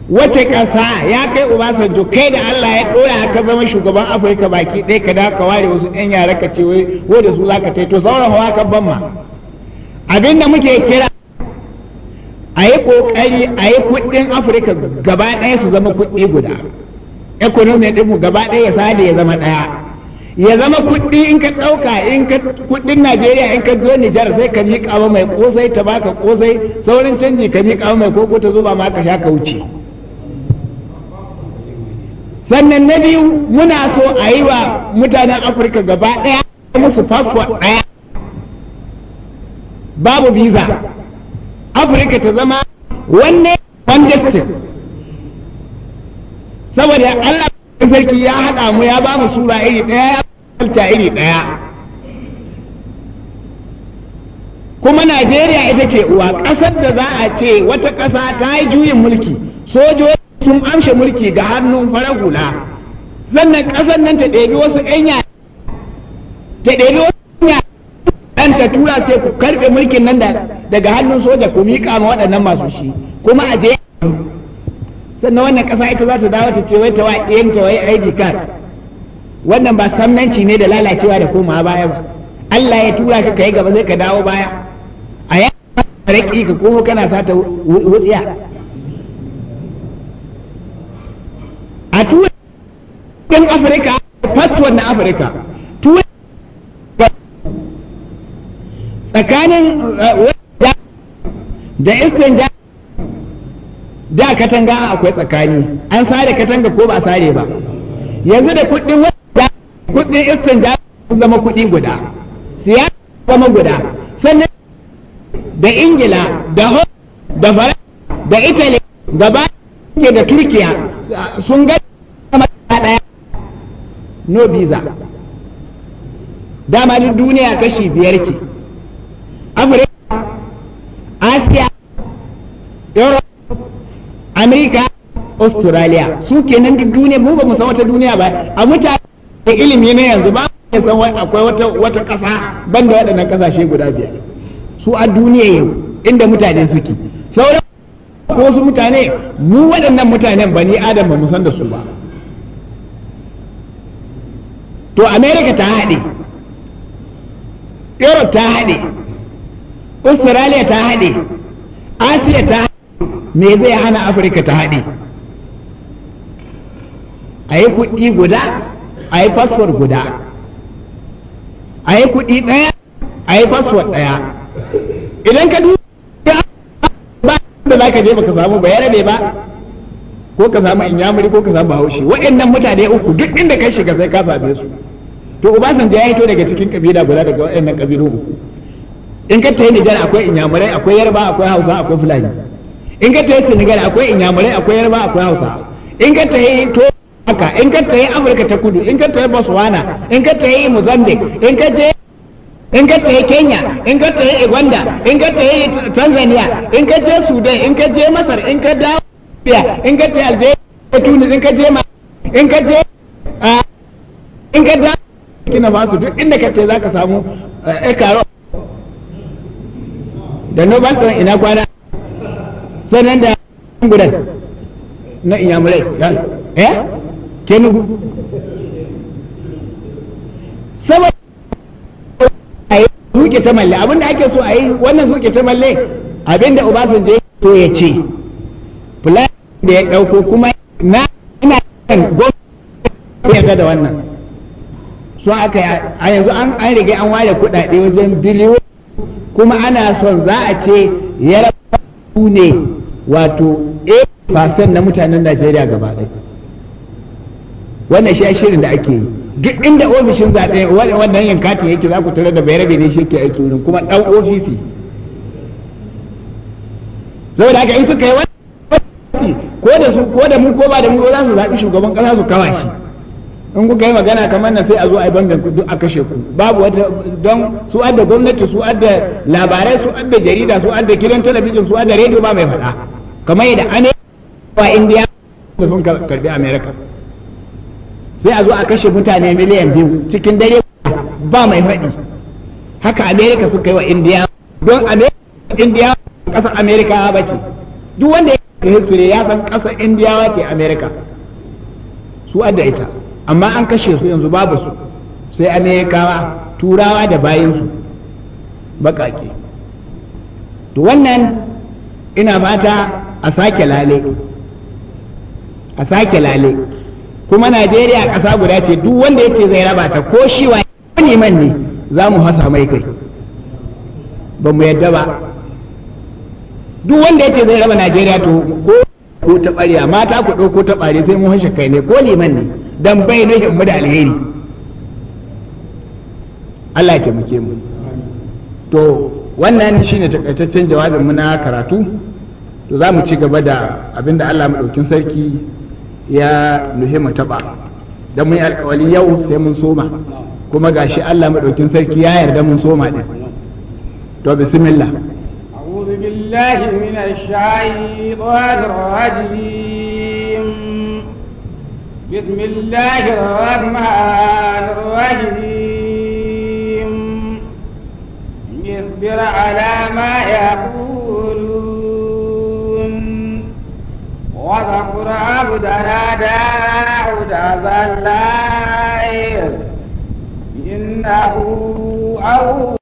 wace ƙasa ya kai Obasanjo kai da Allah ya ɗora ka zama shugaban Afirka baki ɗaya ka ka ware wasu ɗan yara ka ce wai ko da su za ka taito sauran hawa ka ban ma abinda muke kira a yi ƙoƙari a yi kuɗin Afirka gaba ɗaya su zama kuɗi guda economy ɗinmu gaba ɗaya ya sada ya zama ɗaya ya zama kuɗi in ka ɗauka in ka kuɗin Najeriya in ka zo Nijar sai ka miƙa wa mai ƙosai ta baka ƙosai saurin canji ka miƙa wa mai koko ta zuba ma ka sha ka wuce sannan na biyu muna so a yi wa mutanen Afirka gaba ɗaya musu fasfo ɗaya babu visa Afirka ta zama wanne congested saboda Allah sarki ya haɗa mu ya ba mu sura iri ɗaya ya halitta iri ɗaya kuma Najeriya ita ce uwa ƙasar da za a ce wata ƙasa ta yi juyin mulki sojoji sun amshe mulki ga hannun farar hula sannan ƙasar nan ta ɗebi wasu ƙanya ta ɗebi wasu ƙanya ɗan ta tura ce ku karɓe mulkin nan daga hannun soja ku miƙa ma waɗannan masu shi kuma a je sannan wannan ƙasa ita za ta dawo ta ce wai ta waɗiyan ta wai ID card wannan ba samnanci ne da lalacewa da komawa baya ba Allah ya tura ka kai gaba zai ka dawo baya a ya raki ka komo kana ta wutsiya a tura ɗin Afirka fasfon na Afirka tura tsakanin eh, da istinja da katanga akwai tsakani an sare katanga ko ba a sare ba yanzu da kuɗin wanda kuɗin istin sun zama kuɗi guda siyasa zama guda sannan da ingila da hong da faransa da italy gaba ke da turkiya sun ga daya no visa dama duk duniya kashi biyar ce afirka asiya europe amerika australia su kenan duk duniya mu ba mu san wata duniya ba a mutane da ilimi na yanzu ba mu san akwai wata wata kasa banda waɗannan kasashe guda biyar su a duniya yau inda mutane suke sauran ko su mutane mu waɗannan mutanen ba ni adam ba mu san da su ba to Amerika ta haɗe europe ta haɗe australia ta haɗe Asia ta haɗe me zai hana afirka ta haɗe a yi kuɗi guda a yi fasfor guda a yi kuɗi ɗaya a yi fasfor ɗaya idan ka duba ba da za ka je baka samu bayarabe ba ko ka samu inyamuri ko ka samu bahaushe waɗannan mutane uku duk inda ka shiga sai ka same su to obasanjo ya hito daga cikin kabila guda daga waɗannan kabilu uku in ka tayi nijar akwai inyamurai akwai yarba akwai hausa akwai fulani in ka tafi Senegal akwai inyamurai akwai yarba akwai hausa in ka tafi to haka in ka tafi Amurka ta kudu in ka tafi Botswana in ka tafi Mozambique in ka je in ka tafi Kenya in ka tafi Uganda in ka tafi Tanzania in ka je Sudan in ka je Masar in ka dawo in ka tafi Algeria Tunis in ka je in ka je in ka dawo kina ba su duk inda ka tayi za ka samu ekaro da nobantan ina kwana sannan da gudan na inyamurai eh ke nugu saboda a yi suke ta malle abinda ake so a yi wannan suke ta malle abinda obasanjo ya so ya ce fulani da ya ɗauko kuma na ina kan gwamnati da wannan so aka a yanzu an rage an ware kuɗaɗe wajen biliyo kuma ana son za a ce ya su ne wato fasan na mutanen Najeriya gaba ɗaya wannan shi shirin da ake yi inda ofishin zaɓe wannan yankatin yake za ku tare da bayar ne shi ke aiki wurin kuma ɗan ofisi saboda haka in suka yi wani ko da su ko da mu ko ba da mu za su zaɓi shugaban ƙasa su kawashi shi in kuka yi magana kamar nan sai a zo a yi bangan kudu a kashe ku babu wata don su adda gwamnati su adda labarai su adda jarida su adda gidan talabijin su adda rediyo ba mai faɗa kamar yadda an yi wa indiya da sun karbi america sai a zo a kashe mutane miliyan biyu cikin dare ba mai faɗi haka america sun kai wa indiya don indiya ƙasar america ba ce duk wanda ya kashe ya san ƙasar indiyawa ce america su adda ita amma an kashe su yanzu babu su sai an yi amerikawa turawa da bayansu bakake to wannan ina mata a sake lale a sake lale kuma najeriya ƙasa guda ce duk wanda yake zai raba ta ko shi wa man ne za mu hasa mai kai ba mu yadda ba duk wanda yake zai raba najeriya to ko ta ɓarya mata ku ɗauko ta ɓare sai mu hashe kai ne ko liman ne dan bai na himmu da alheri Allah ya taimake mu to wannan shine takaitaccen jawabin mu na karatu to za mu ci gaba da abinda Allah madaukin sarki ya mu taba dan mun yi alkawali yau sai mun soma kuma gashi Allah madaukin sarki ya yarda mun soma din to bismillah أعوذ بالله من الشيطان الرجيم بسم الله الرحمن الرحيم اصبر على ما يقولون وذكر عبدنا داود ذا الليل إنه أول